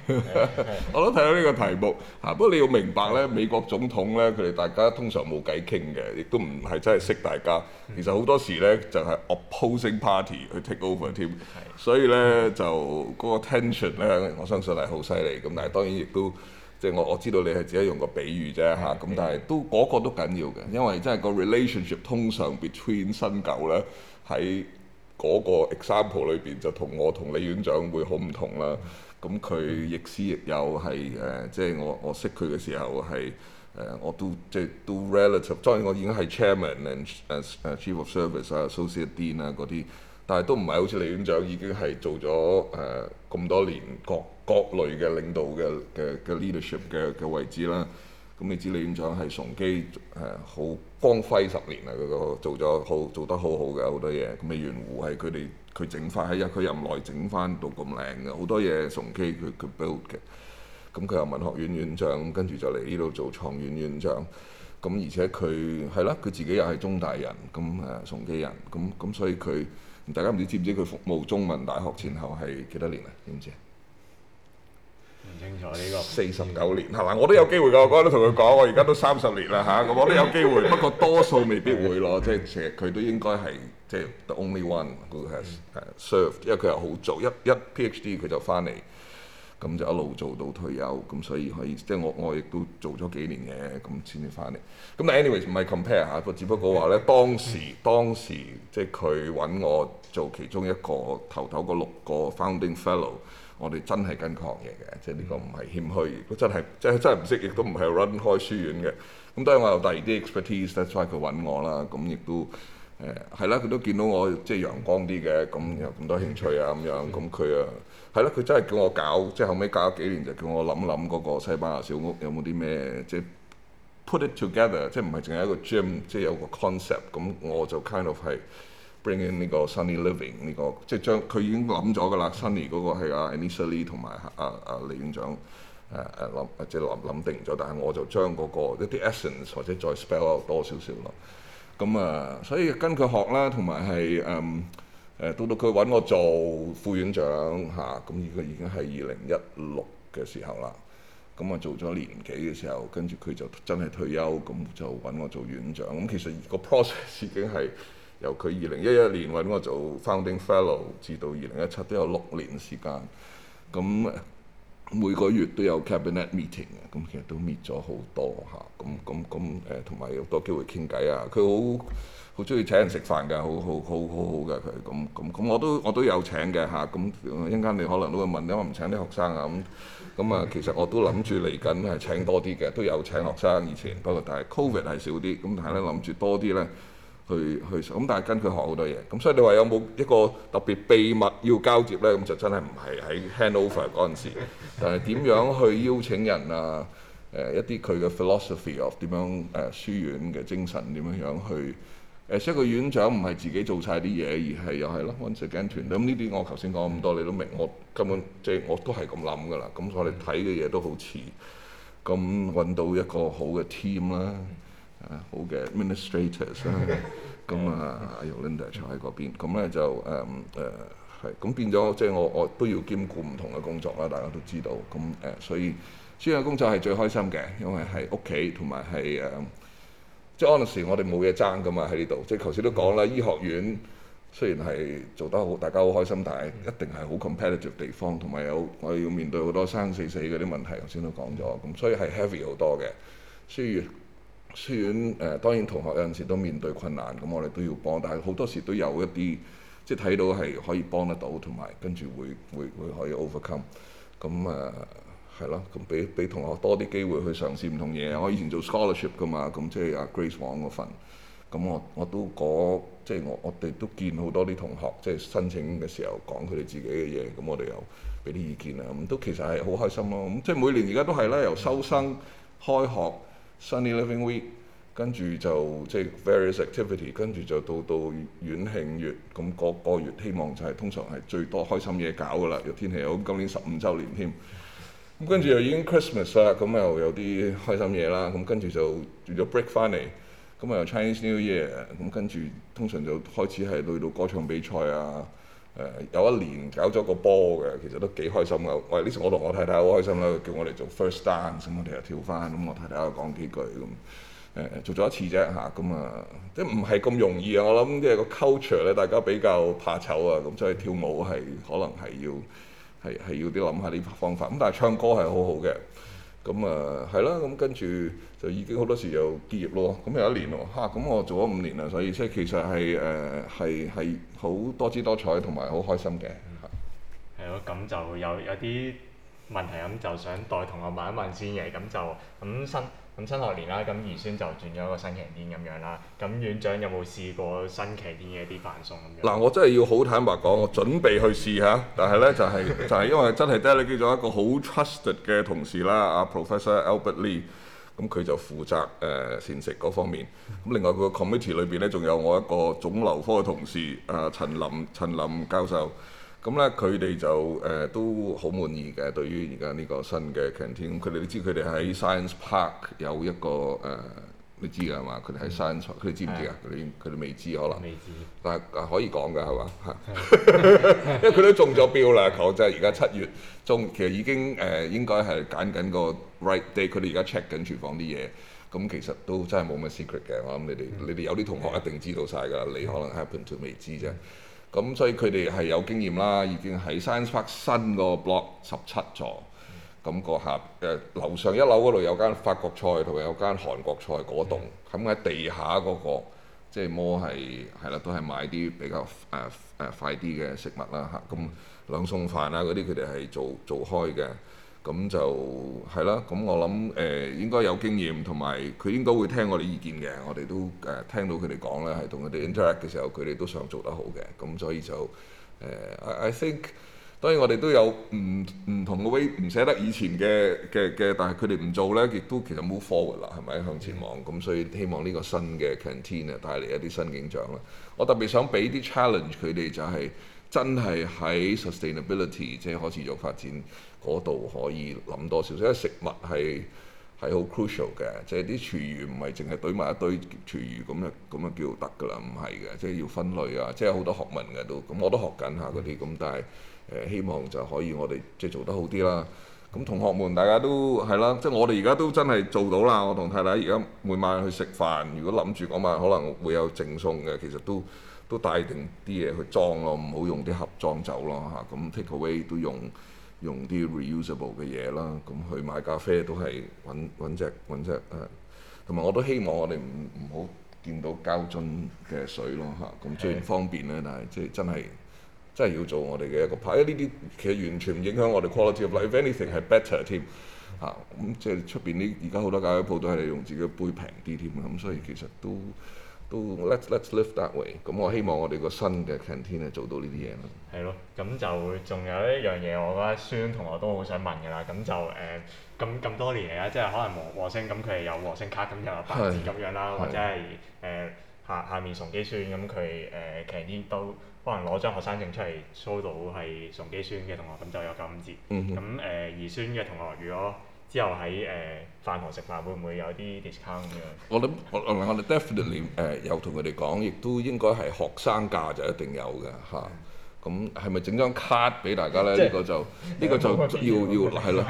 S3: 係，我都睇到呢個題目嚇、啊。不過你要明白咧，美國總統咧，佢哋大家通常冇偈傾嘅，亦都唔係真係識大家。其實好多時咧就係、是、opposing party 去 take over 添，所以咧就嗰、是、個 tension 咧，我相信係好犀利。咁但係當然亦都。即係我我知道你係只係用個比喻啫嚇，咁、嗯、但係都嗰、嗰個都緊要嘅，因為真係個 relationship 通常 between 新舊咧喺嗰個 example 裏邊就同我同李院長會好唔同啦。咁佢亦師亦友係誒，即係我我識佢嘅時候係誒、呃，我都即係 d relative，當然我已經係 chairman and 誒、uh, 誒 chief of service 啊 associate dean 啊嗰啲，但係都唔係好似李院長已經係做咗誒咁多年幹。各類嘅領導嘅嘅嘅 leadership 嘅嘅位置啦，咁你知李院長係崇基誒好、呃、光輝十年啊！嗰個做咗好做得好好嘅好多嘢，咁未圓湖係佢哋佢整翻喺一佢任內整翻到咁靚嘅好多嘢。崇基佢佢 build 嘅，咁佢又文學院院長，跟住就嚟呢度做創院院長。咁、嗯、而且佢係啦，佢自己又係中大人，咁、嗯、誒、嗯、崇基人，咁、嗯、咁、嗯、所以佢大家唔知知唔知佢服務中文大學前後係幾多年咧？知唔知？唔清楚。呢個四十九年，係咪我都有機會㗎？我嗰陣都同佢講，我而家都三十年啦吓，咁、啊、我都有機會， 不過多數未必會咯。 即係其實佢都應該係即係 the only one who has served 因為佢又好做，一一 PhD 佢就翻嚟，咁就一路做到退休，咁所以可以即係我我亦都做咗幾年嘅，咁先至翻嚟。咁但 anyways 唔係 compare 下，嚇，只不過話咧當時 當時即係佢揾我做其中一個頭頭個六個 founding fellow。我哋真係跟個行嘢嘅，即係呢個唔係謙虛。如、嗯、真係即係真係唔識，亦都唔係 run 開書院嘅。咁當然我有第二啲 expertise，that's why 佢揾我啦。咁亦都誒係啦，佢都見到我即係陽光啲嘅，咁、嗯、有咁多興趣啊咁、嗯、樣。咁佢啊係啦，佢真係叫我搞，即係後尾搞咗幾年就叫我諗諗嗰個西班牙小屋有冇啲咩，即係 put it together，即係唔係淨係一個 gym，即係有個 concept。咁我就 kind of 係。bring in 呢個 Sunny Living 呢個，即係將佢已經諗咗㗎啦。Sunny 嗰個係啊 Anisha Lee 同埋啊啊李院長誒誒諗或者諗諗定咗，但係我就將嗰、那個一啲 essence 或者再 spell out 多少少咯。咁啊、嗯，所以跟佢學啦，同埋係誒誒到到佢揾我做副院長吓。咁、啊、而、嗯呢個已經係二零一六嘅時候啦。咁、嗯、啊做咗年幾嘅時候，跟住佢就真係退休，咁、嗯、就揾我做院長。咁、嗯、其實個 process 已經係。由佢二零一一年揾我做 founding fellow，至到二零一七都有六年時間，咁每個月都有 cabinet meeting 啊，咁其實都 meet 咗好多嚇，咁咁咁誒，同埋有好多機會傾偈啊。佢好好中意請人食飯㗎，好好好好好嘅。佢咁咁咁我都我都有請嘅嚇，咁一陣間你可能都會問，你話點解唔請啲學生啊？咁咁啊，其實我都諗住嚟緊係請多啲嘅，都有請學生以前，不過但係 covid 係少啲，咁但係咧諗住多啲呢。去去咁，但係跟佢學好多嘢。咁所以你話有冇一個特別秘密要交接呢？咁就真係唔係喺 handover 嗰陣時。但係點樣去邀請人啊？誒、呃、一啲佢嘅 philosophy of 點樣誒、呃、書院嘅精神點樣樣去？誒所以個院長唔係自己做晒啲嘢，而係又係咯 once again 團。咁呢啲我頭先講咁多，你都明。我根本即係、就是、我都係咁諗㗎啦。咁我哋睇嘅嘢都好似咁揾到一個好嘅 team 啦、嗯。Uh, 好嘅 administrators 咁、uh, 啊阿 l、 uh, Yolinda 就喺嗰邊，咁咧 就誒誒係，咁、um, uh, 變咗即係我我都要兼顧唔同嘅工作啦，大家都知道，咁誒、uh, 所以雖然工作係最開心嘅，因為係屋企同埋係誒，即係嗰陣時我哋冇嘢爭噶嘛喺呢度，即係頭先都講啦，醫學院雖然係做得好，大家好開心，但係一定係好 competitive 地方，同埋有我要面對好多生生死死嗰啲問題，頭先都講咗，咁所以係 heavy 好多嘅，需要。雖然誒、呃、當然同學有陣時都面對困難，咁我哋都要幫。但係好多時都有一啲，即係睇到係可以幫得到，同埋跟住會會會可以 overcome。咁誒係咯，咁俾俾同學多啲機會去嘗試唔同嘢。我以前做 scholarship 㗎嘛，咁即係阿 Grace 王嗰份。咁我我都講，即係我我哋都見好多啲同學，即係申請嘅時候講佢哋自己嘅嘢。咁我哋又俾啲意見啊。咁都其實係好開心咯。咁即係每年而家都係啦，由收生開學。Sunny Living Week，跟住就即係、就是、Various Activity，跟住就到到遠慶月，咁、那個個月希望就係、是、通常係最多開心嘢搞㗎啦。又天氣好，今年十五週年添，咁跟住又已經 Christmas 啦，咁又有啲開心嘢啦。咁跟住就叫又 break 翻嚟，咁啊 Chinese New Year，咁跟住通常就開始係去到歌唱比賽啊。Uh, 有一年搞咗個波嘅，其實都幾開心嘅。喂，呢次我同我太太好開心啦，叫我哋做 first dance，咁我哋又跳翻，咁我太太又講幾句咁、嗯嗯。做咗一次啫嚇，咁啊，即係唔係咁容易啊？我諗即係個 culture 咧，大家比較怕醜啊，咁、嗯、所以跳舞係可能係要係係要啲諗下呢方法。咁、嗯、但係唱歌係好好嘅。咁啊，係啦、嗯，咁跟住就已經好多時又結業咯。咁有一年喎，嚇、啊，咁我做咗五年啦，所以即係其實係誒係係好多姿多彩同埋好開心嘅。
S1: 係。係咯、嗯，咁、嗯嗯、就有有啲問題咁就想代同學問一問先嘅，咁就咁新。咁新學年啦，咁宜孫就轉咗一個新 canteen 咁樣啦。咁院長有冇試過新 canteen 嘅一啲飯餸咁
S3: 樣？嗱，我真係要好坦白講，我準備去試下。但係呢，就係、是、就係、是、因為真係 delegate 咗一個好 trusted 嘅同事啦，啊 Professor Albert Lee，咁佢就負責誒膳、呃、食嗰方面。咁另外個 committee 裏邊呢，仲有我一個腫瘤科嘅同事啊、呃，陳林陳林教授。咁咧，佢哋就誒、呃、都好滿意嘅。對於而家呢個新嘅 canteen，佢哋都知佢哋喺 Science Park 有一個誒、呃，你知㗎係嘛？佢哋喺 Science，佢哋、嗯、知唔知啊？佢哋佢哋未知可能，未知，但係可以講㗎係嘛？ 因為佢都中咗標啦，求真係而家七月中，其實已經誒、呃、應該係揀緊個 right day，佢哋而家 check 緊廚房啲嘢，咁其實都真係冇乜 secret 嘅。我諗你哋、嗯、你哋有啲同學一定知道晒㗎，你、嗯嗯、可能 happen to 未知啫。咁所以佢哋係有經驗啦，已經喺 Science Park 新個 block 十七座，咁、那個下誒樓、呃、上一樓嗰度有間法國菜，同埋有間韓國菜嗰棟，咁喺的地下嗰、那個即係摩係係啦，都係買啲比較誒誒、呃呃呃、快啲嘅食物啦嚇，咁兩餸飯啊嗰啲佢哋係做做開嘅。咁就係啦，咁我諗誒、呃、應該有經驗，同埋佢應該會聽我哋意見嘅。我哋都誒、呃、聽到佢哋講咧，係同佢哋 i n t e r a c t 嘅時候，佢哋都想做得好嘅。咁所以就誒、呃、I,，I think 當然我哋都有唔唔同嘅 way，唔捨得以前嘅嘅嘅，但係佢哋唔做咧，亦都其實 move forward 啦，係咪向前望？咁、mm hmm. 所以希望呢個新嘅 c u n t day 啊，帶嚟一啲新景象啦。我特別想俾啲 challenge 佢哋就係、是。真係喺 sustainability 即係開始做發展嗰度可以諗多少少。因為食物係係好 crucial 嘅，即係啲廚餘唔係淨係堆埋一堆廚餘咁啊咁啊叫得㗎啦，唔係嘅，即係要分類啊，即係好多學問嘅都，咁我都學緊下嗰啲，咁、嗯、但係誒、呃、希望就可以我哋即係做得好啲啦。咁同學們，大家都係啦，即係我哋而家都真係做到啦。我同太太而家每晚去食飯，如果諗住嗰晚可能會有剩餸嘅，其實都。都帶定啲嘢去裝咯，唔好用啲盒裝走咯嚇。咁、啊、take away 都用用啲 reusable 嘅嘢啦。咁、啊、去買咖啡都係揾揾隻揾隻誒。同埋、啊、我都希望我哋唔唔好見到膠樽嘅水咯嚇。咁、啊、雖然方便咧，但係即係真係真係要做我哋嘅一個牌。因為呢啲其實完全唔影響我哋 quality of life anything better、啊。Anything 係 better 添嚇。咁、嗯啊、即係出邊呢？而家好多咖啡鋪都係用自己杯平啲添。咁、啊、所以其實都。都 Let's Let's lift that way。咁我希望我哋個新嘅 CanTeen 咧做到呢啲嘢。
S1: 係咯，咁就仲有一樣嘢，我覺得孫同學都好想問㗎啦。咁就誒咁咁多年嚟啦，即係可能和聲，咁佢係有和聲卡，咁又有八折咁樣啦，對或者係誒對、呃、下下面崇基孫咁佢誒 CanTeen 都可能攞張學生證出嚟 show 到係崇基孫嘅同學，咁就有九五折。咁誒宜孫嘅同學如果。之
S3: 後喺誒飯堂食飯會唔會有啲 discount 咁樣？我諗我我哋 definitely 誒有同佢哋講，亦都應該係學生價就一定有嘅吓。咁係咪整張 card 俾大家咧？呢個就呢個就要要係咯。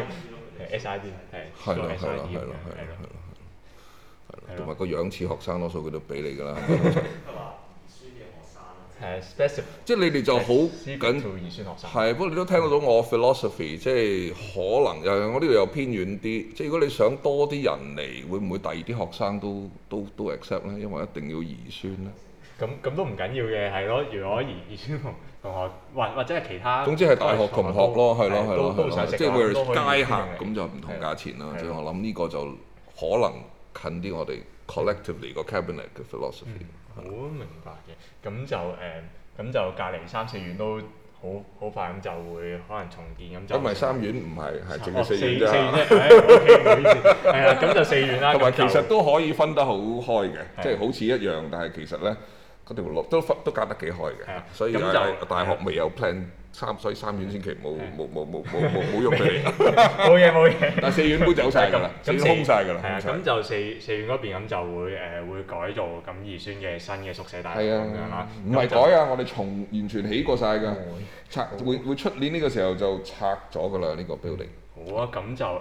S3: S I D 係，係咯係咯係咯係咯係咯係咯，同埋個樣似學生多數佢都俾你㗎啦。Uh, specific, 即係你哋就好緊做宜孫學生。係，不過你都聽得到我 philosophy，、嗯、即係可能又我呢度又偏遠啲。即係如果你想多啲人嚟，會唔會第二啲學生都都都 accept 咧？因為一定要宜孫咧。
S1: 咁咁都唔緊要嘅，係、嗯、咯。如果宜孫同同學，或或者係其他，總之係大學同學咯，係咯係咯，即係
S3: 會街行，咁就唔同價錢啦。所以了我諗呢個就可能近啲我哋 collectively、嗯、個 cabinet 嘅 philosophy、嗯。
S1: 好明白嘅，咁就誒，咁就隔離三四院都好好快咁就會可能重建咁。就因為三
S3: 院唔係係淨四院啫。係啊，咁就四院啦。同埋其實都可以分得好開嘅，即係好似一樣，但係其實咧嗰條路都分都隔得幾開嘅。係啊，所以咧大學未有 plan。三所以三院先期冇冇冇冇冇冇冇用嘅，冇嘢冇嘢。但四院都走晒㗎啦，咁空曬㗎啦。係啊，咁
S1: 就四四院嗰邊咁就會誒會改造咁宜孫嘅新嘅宿舍大樓咁樣啦。唔係改啊，
S3: 我哋從完全起過晒㗎，拆會會出年呢個時候就拆咗㗎啦呢個 building。
S1: 好啊，咁就誒，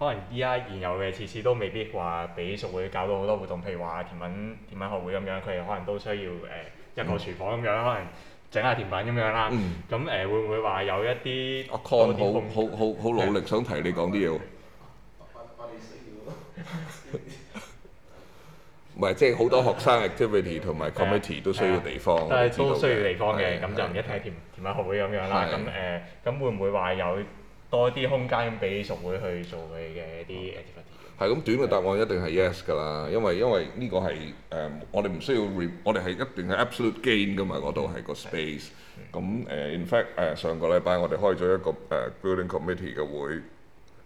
S1: 可能依家現有嘅設施都未必話俾屬會搞到好多活動，譬如話甜品甜品學會咁樣，佢哋可能都需要誒一個廚房咁樣，可能。整下甜品咁樣啦，咁誒會唔會話有一啲？
S3: 我 con 好好好好努力想提你講啲嘢喎。唔係，即係好多學生 activity 同埋 committee 都需要地方。但係都需要地方嘅，咁就唔一
S1: 睇甜甜品學會咁樣啦。咁誒，咁會唔會話有多啲空間俾熟會去做佢嘅啲誒？
S3: 係咁，短嘅答案一定係 yes 㗎啦，因為因為呢個係誒、呃，我哋唔需要 re，我哋係一定係 absolute gain 㗎嘛，嗰度係個 space。咁誒、uh, in fact 誒、uh，上個禮拜我哋開咗一個誒、uh, building committee 嘅會。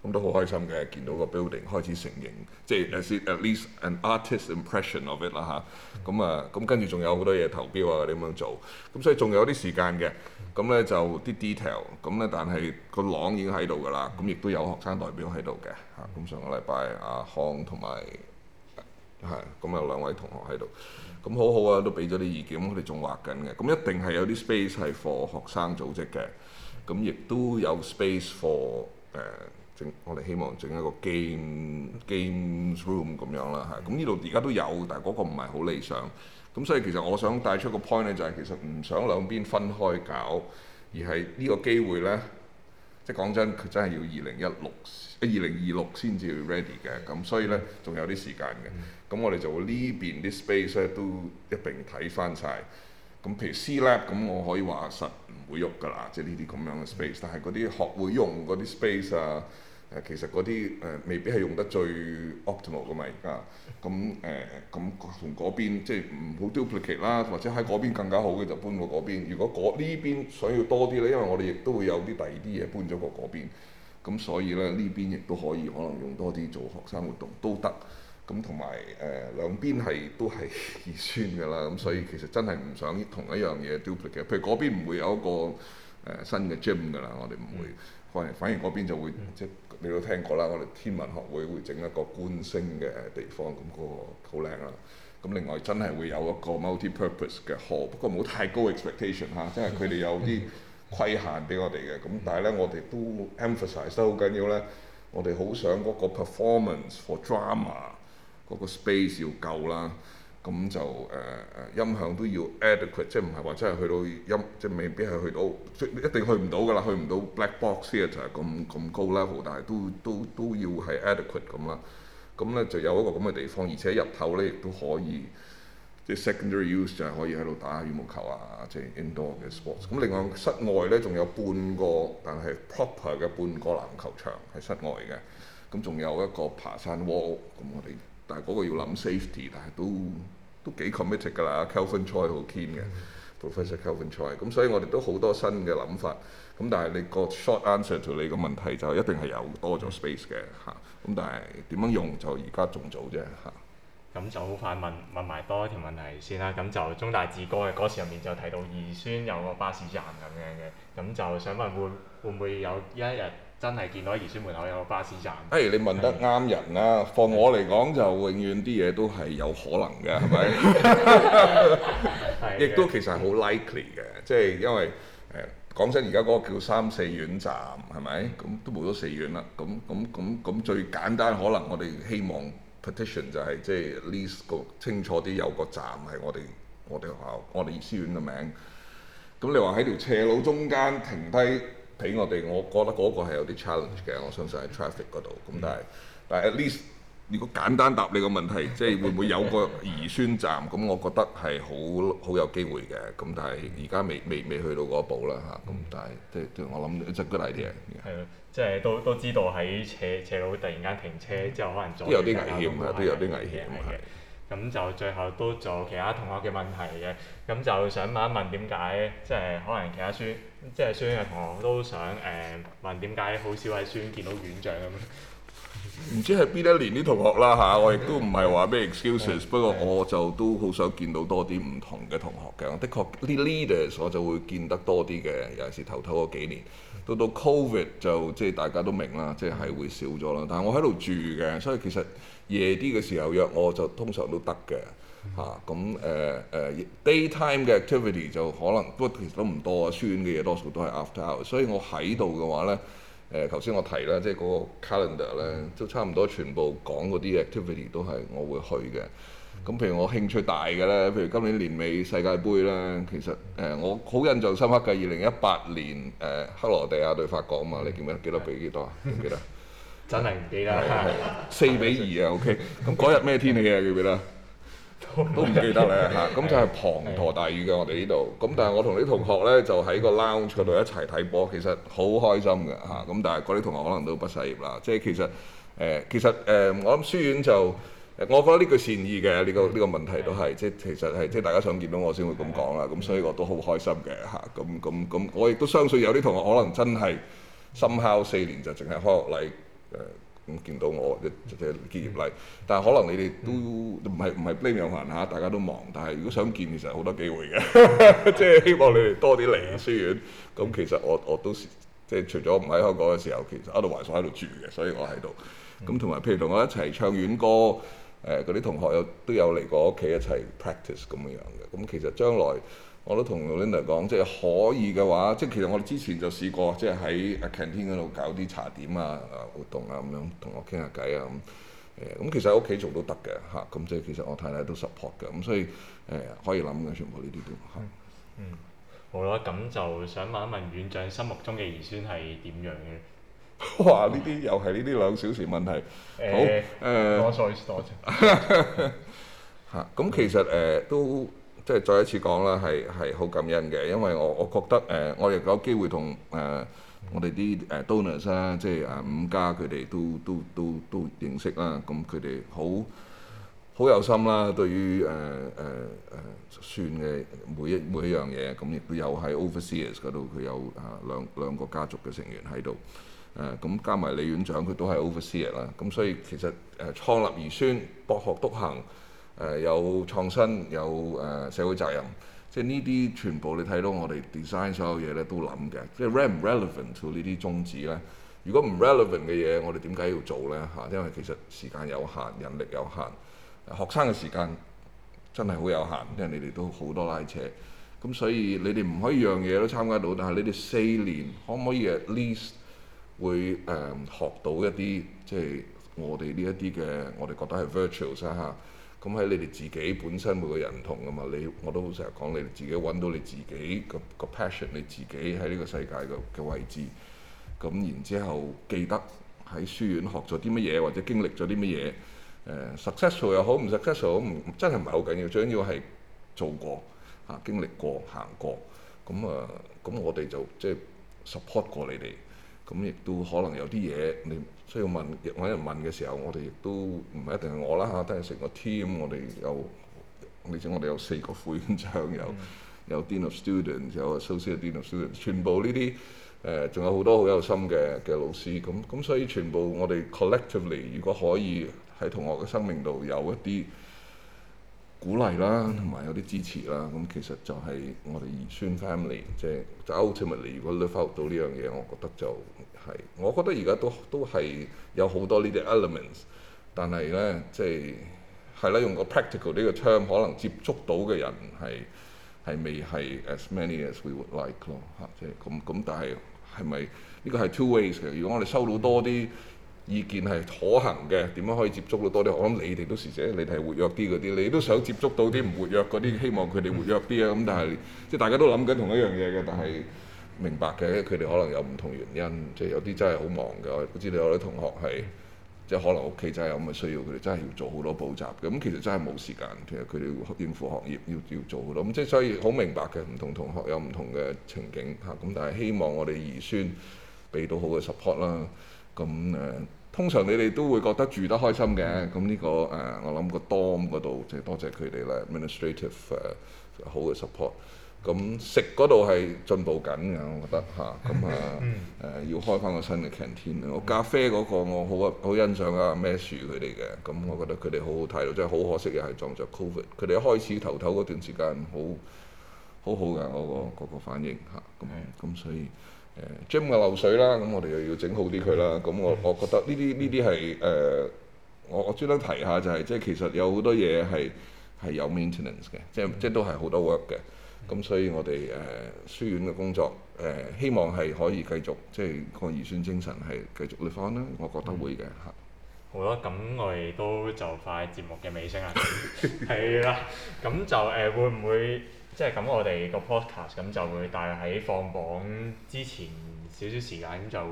S3: 咁都好開心嘅，見到個 building 開始成型，即係 at least an artist impression of it 啦吓。咁啊，咁跟住仲有好多嘢投標啊，點樣做？咁所以仲有啲時間嘅。咁咧就啲 detail，咁咧但係個廊已經喺度噶啦。咁亦都有學生代表喺度嘅。啊，咁上個禮拜阿康同埋係，咁有兩位同學喺度。咁好好啊，都俾咗啲意見。佢哋仲畫緊嘅。咁一定係有啲 space 係 for 學生組織嘅。咁亦都有 space for 誒。我哋希望整一個 game game room 咁樣啦，係咁呢度而家都有，但係嗰個唔係好理想。咁所以其實我想帶出個 point 咧、就係，就係其實唔想兩邊分開搞，而係呢個機會咧，即係講真，佢真係要二零一六、二零二六先至 ready 嘅。咁所以咧，仲有啲時間嘅。咁我哋就會呢邊啲 space 咧都一並睇翻晒。咁譬如 C lab，咁我可以話實唔會喐噶啦，即係呢啲咁樣嘅 space。但係嗰啲學會用嗰啲 space 啊～誒其實嗰啲誒未必係用得最，最 optimal 㗎嘛而家，咁誒咁同嗰邊即係唔好 duplicate 啦，或者喺嗰邊更加好嘅就搬過嗰邊。如果呢邊想要多啲咧，因為我哋亦都會有啲第二啲嘢搬咗過嗰邊，咁所以咧呢邊亦都可以可能用多啲做學生活動都得。咁同埋誒兩邊係都係宜孫㗎啦，咁 所以其實真係唔想同一樣嘢 duplicate。譬如嗰邊唔會有一個誒、呃、新嘅 gym 㗎啦，我哋唔會、嗯、反而反而嗰邊就會即、嗯嗯你都聽過啦，我哋天文學會會整一個觀星嘅地方，咁、那、嗰個好靚啦。咁另外真係會有一個 multi-purpose 嘅 hall，不過唔好太高 expectation 吓，因為佢哋有啲規限俾我哋嘅。咁但係咧，我哋都 emphasize 得好緊要咧，我哋好想嗰個 performance for drama 嗰個 space 要夠啦。咁就誒誒、呃、音響都要 adequate，即係唔係話真係去到音，即係未必係去到，即一定去唔到㗎啦，去唔到 black box theatre 咁咁高 level，但係都都都要係 adequate 咁啦。咁咧就有一個咁嘅地方，而且入頭咧亦都可以，即係 secondary use 就係可以喺度打羽毛球啊，即係 indoor 嘅 sports。咁另外室外咧仲有半個，但係 proper 嘅半個籃球場喺室外嘅。咁仲有一個爬山 wall，咁我哋但係嗰個要諗 safety，但係都。都幾 committed 㗎啦，Kelvin Choi 好堅嘅 Professor Kelvin Choi，咁所以我哋都好多新嘅諗法，咁但係你個 short answer to 你個問題就一定係有多咗 space 嘅嚇，咁、mm hmm. 啊、但係點樣用就而家仲早啫嚇。
S1: 咁、啊、就好快問問埋多一條問題先啦，咁就中大志哥嘅歌詞入面就提到宜孫有個巴士站咁樣嘅，咁就想問會會唔會有一日？真係見到喺宜孫門口有個巴士
S3: 站。誒，hey, 你問得啱人啦、啊。放的我嚟講就永遠啲嘢都係有可能嘅，係咪？
S1: 亦都
S3: 其實係好 likely 嘅，即係因為誒、呃、講真，而家嗰個叫三四院站係咪？咁都冇咗四院啦。咁咁咁咁最簡單可能我哋希望 petition 就係即係 lease 個清楚啲有個站係我哋我哋學校我哋宜孫書院嘅名。咁你話喺條斜路中間停低？俾我哋，我覺得嗰個係有啲 challenge 嘅，我相信喺 traffic 嗰度。咁但係，但係 at least，如果簡單答你個問題，即係會唔會有個宜孫站？咁 我覺得係好好有機會嘅。咁但係而家未未未去到嗰一步啦嚇。咁但係，即係我諗真係啲嘢。係
S1: 即係都都知道喺斜斜路突然間停車之後，嗯、可能都有啲危險嘅，都有啲危險啊。咁的就最後都做其他同學嘅問題嘅，咁就想問一問點解，即係可能其他孫？即係，雖然我都想誒、呃、問點解好少喺宜孫見到院長咁？
S3: 唔 知係邊一年啲同學啦吓，我亦都唔係話咩 excuses、嗯。不過我就都好想見到多啲唔同嘅同學嘅。的確啲 leaders 我就會見得多啲嘅。尤其是頭頭嗰幾年，到到 covid 就即係大家都明啦，即係係會少咗啦。但係我喺度住嘅，所以其實夜啲嘅時候約我就通常都得嘅。嚇咁誒誒、啊、daytime 嘅、呃、activity 就可能，不過其實都唔多啊，書院嘅嘢多數都係 after hour，所以我喺度嘅話呢，誒頭先我提啦，即係嗰個 calendar 呢，都差唔多全部講嗰啲 activity 都係我會去嘅。咁譬如我興趣大嘅呢，譬如今年年尾世界盃咧，其實誒、呃、我好印象深刻嘅二零一八年誒克、呃、羅地亞對法國啊嘛，你記唔記得幾多比幾多啊？唔記，記得，
S1: 真係唔記得。
S3: 四比二啊，OK。咁嗰日咩天氣啊？記唔記得？ 都唔記得咧嚇，咁 就係滂沱大雨嘅 我哋呢度。咁 但係我同啲同學呢，就喺個 lounge 嗰度一齊睇波，其實好開心嘅嚇。咁但係嗰啲同學可能都畢曬業啦。即係其實誒，其實誒、呃呃，我諗書院就我覺得呢句善意嘅呢、 呢個呢、呢個問題都係即係其實係即係大家想見到我先會咁講啦。咁 所以我都好開心嘅嚇。咁咁咁，我亦都相信有啲同學可能真係深烤四年就淨係開學禮。咁見到我，即係結業禮。嗯、但係可能你哋都唔係唔係咩樣人嚇，大家都忙。但係如果想見，其實好多機會嘅，即 係希望你哋多啲嚟書院。咁、嗯、其實我我都即係除咗唔喺香港嘅時候，其實喺度還在喺度住嘅，所以我喺度。咁同埋譬如同我一齊唱院歌，誒嗰啲同學有都有嚟過屋企一齊 practice 咁樣嘅。咁其實將來。我都同 Linda 講，即係可以嘅話，即係其實我哋之前就試過，即係喺 canteen 嗰度搞啲茶點啊、活動啊咁樣，同我傾下偈啊咁。誒、嗯，咁其實喺屋企做都得嘅，嚇、啊。咁即係其實我太太都 support 嘅，咁、啊、所以誒、嗯、可以諗嘅，全部呢啲都嚇。嗯，
S1: 好啦，咁就想問一問院長心目中嘅宜孫係點樣嘅？
S3: 哇！呢啲又係呢啲兩小時問題。啊、好誒，多謝多謝。嚇！咁其實誒、呃、都～即係再一次講啦，係係好感恩嘅，因為我我覺得誒、呃，我亦有機會同誒、呃、我哋啲誒 donors 啦、啊，即係誒伍家佢哋都都都都認識啦，咁佢哋好好有心啦，對於誒誒誒算嘅每一每一樣嘢，咁亦都有喺 overseers 嗰度，佢有誒兩兩個家族嘅成員喺度，誒、呃、咁加埋李院長佢都係 overseers 啦，咁所以其實誒、呃、創立宜孫博學篤行。誒有、呃、創新有誒、呃、社會責任，即係呢啲全部你睇到我哋 design 所有嘢咧都諗嘅，即係 re relevant to 呢啲宗旨咧。如果唔 relevant 嘅嘢，我哋點解要做咧？嚇、啊，因為其實時間有限，人力有限，啊、學生嘅時間真係好有限。因為你哋都好多拉扯，咁所以你哋唔可以樣嘢都參加到。但係你哋四年可唔可以 at least 會誒、呃、學到一啲，即係我哋呢一啲嘅我哋覺得係 virtuous 啊嚇咁喺你哋自己本身每個人唔同噶嘛。你我都成日講你哋自己揾到你自己個個 passion、你自己喺呢個世界嘅嘅位置，咁然之後記得喺書院學咗啲乜嘢或者經歷咗啲乜嘢，successful 又好唔 successful 好真係唔係好緊要，最緊要係做過啊，經歷過，行過，咁啊，咁我哋就即係 support 過你哋，咁亦都可能有啲嘢你。需要問，我揾人問嘅時候，我哋亦都唔係一定係我啦嚇，都係成個 team。我哋有，你知我哋有四個副院長，有、mm. 有 Dean of Students，有 social Dean of Students，全部呢啲誒，仲、呃、有好多好有心嘅嘅老師。咁咁，所以全部我哋 collectively，如果可以喺同學嘅生命度有一啲鼓勵啦，同埋有啲支持啦，咁其實就係我哋宜孫 family，即係就 ultimately，如果 live out 到呢樣嘢，我覺得就～係，我覺得而家都都係有好多呢啲 elements，但係呢，即係係啦，用個 practical 呢個 term，可能接觸到嘅人係係未係 as many as we would like 咯，嚇，即係咁咁。但係係咪呢個係 two ways 嘅？如果我哋收到多啲意見係可行嘅，點樣可以接觸到多啲？我諗你哋都時者，你哋係活躍啲嗰啲，你都想接觸到啲唔活躍嗰啲，希望佢哋活躍啲啊。咁、嗯嗯、但係即係大家都諗緊同一樣嘢嘅，但係。嗯明白嘅，佢哋可能有唔同原因，即係有啲真係好忙嘅。我知你有啲同學係，即係可能屋企真係有咁嘅需要，佢哋真係要做好多補習嘅。咁其實真係冇時間，其實佢哋應付學業要要做好多。咁即係所以好明白嘅，唔同同學有唔同嘅情景吓。咁但係希望我哋兒孫俾到好嘅 support 啦。咁、啊、誒，通常你哋都會覺得住得開心嘅。咁呢、呢個誒、啊，我諗個 dorm 嗰度即係多謝佢哋啦，administrative、啊、好嘅 support。咁食嗰度係進步緊嘅，我覺得嚇。咁啊，誒、啊呃、要開翻個新嘅 canteen。嗯、咖啡嗰個我好好欣賞啊咩樹佢哋嘅。咁、嗯、我覺得佢哋好好睇到，真係好可惜又係撞着 covid。佢哋一開始頭頭嗰段時間好好好嘅嗰個反應嚇。咁、啊、咁、嗯嗯、所以誒，gym 嘅漏水啦，咁、嗯、我哋又要整好啲佢啦。咁、嗯啊、我我覺得呢啲呢啲係誒，我我專登提下就係即係其實有好多嘢係係有 maintenance 嘅，即係即係都係好多 work 嘅。咁所以我，我哋誒書院嘅工作誒、呃，希望係可以繼續，即係宜孫精神係繼續嘅方啦，我覺得會嘅嚇、嗯。
S1: 好啦，咁我哋都就快節目嘅尾聲啦。係啦、 嗯，咁 就誒、呃、會唔會即係咁？我哋個 podcast 咁就會，cast，就大約喺放榜之前少少時間咁就，啱、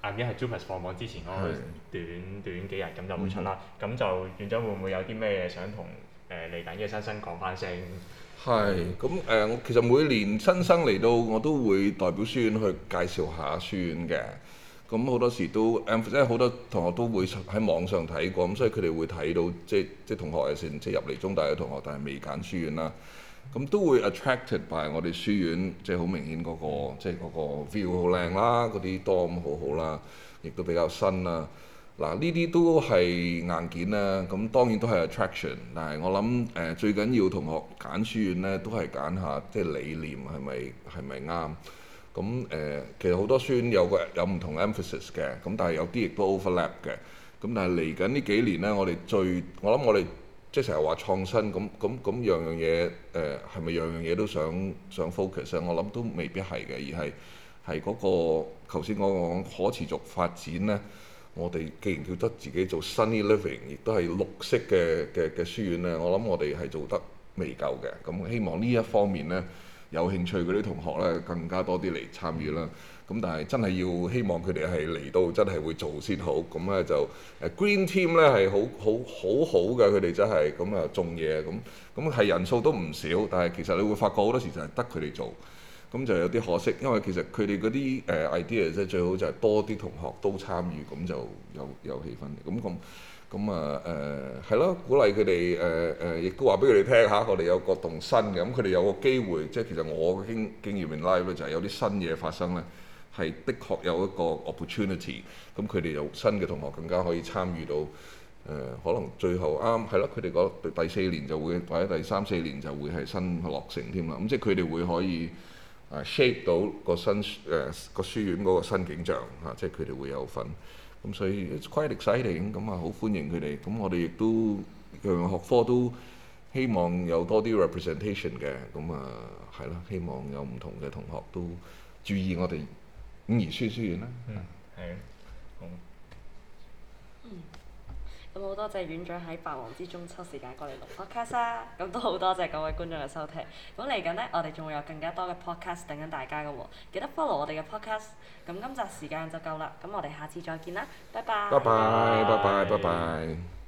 S1: 啊、啱係 Jupas 放榜之前嗰個短短幾日咁就會出啦。咁、嗯、就院長會唔會有啲咩嘢想同誒嚟緊嘅新生講返聲？
S3: 係，咁誒、呃，其實每年新生嚟到，我都會代表書院去介紹下書院嘅。咁好多時都誒，即係好多同學都會喺網上睇過，咁所以佢哋會睇到，即係即係同學，係算即係入嚟中大嘅同學，但係未揀書院啦。咁都會 attracted by 我哋書院，即係好明顯嗰、嗰個，即係嗰個 view 好靚啦，嗰啲 dorm 好好啦，亦都比較新啦。嗱，呢啲都係硬件啦，咁當然都係 attraction，但係我諗誒、呃、最緊要同學揀書院呢，都係揀下即係、就是、理念係咪係咪啱。咁誒、呃，其實好多書院有個有唔同 emphasis 嘅，咁但係有啲亦都 overlap 嘅。咁但係嚟緊呢幾年呢，我哋最我諗我哋即係成日話創新，咁咁咁樣樣嘢誒係咪樣樣嘢都想想 focus，我諗都未必係嘅，而係係嗰個頭先講講可持續發展呢。我哋既然叫得自己做 sunny living，亦都係綠色嘅嘅嘅書院呢。我諗我哋係做得未夠嘅，咁、嗯、希望呢一方面呢，有興趣嗰啲同學呢，更加多啲嚟參與啦。咁、嗯、但係真係要希望佢哋係嚟到，真係會做先好。咁、嗯、呢就 Green Team 呢，係好好好，好好嘅，佢哋真係咁啊種嘢咁。咁、嗯、係、嗯、人數都唔少，但係其實你會發覺好多時就係得佢哋做。咁就有啲可惜，因為其實佢哋嗰啲誒 idea 即係最好就係多啲同學都參與，咁就有有氣氛嘅。咁咁咁啊誒係咯，鼓勵佢哋誒誒，亦都話俾佢哋聽吓，我哋有個動新嘅。咁佢哋有個機會，即係其實我嘅經經驗入 live 就係有啲新嘢發生呢，係的確有一個 opportunity。咁佢哋有新嘅同學更加可以參與到誒、呃，可能最後啱係咯，佢哋嗰第四年就會或者第三四年就會係新落成添啦。咁即係佢哋會可以。啊，shape 到個新誒個書院嗰個新景象嚇，即係佢哋會有份，咁所以 it's quite exciting。咁啊，好歡迎佢哋，咁我哋亦都各學科都希望有多啲 representation 嘅，咁啊係啦，希望有唔同嘅同學都注意我哋伍宜孫書院啦。嗯，
S1: 係。
S2: 咁好多謝院長喺百忙之中抽時間過嚟錄 podcast，啦、啊，咁都好多謝各位觀眾嘅收聽。咁嚟緊呢，我哋仲會有更加多嘅 podcast 等緊大家嘅喎、哦，記得 follow 我哋嘅 podcast。咁今集時間就夠啦，咁我哋下次再見啦，拜拜。拜拜，拜拜，拜
S3: 拜。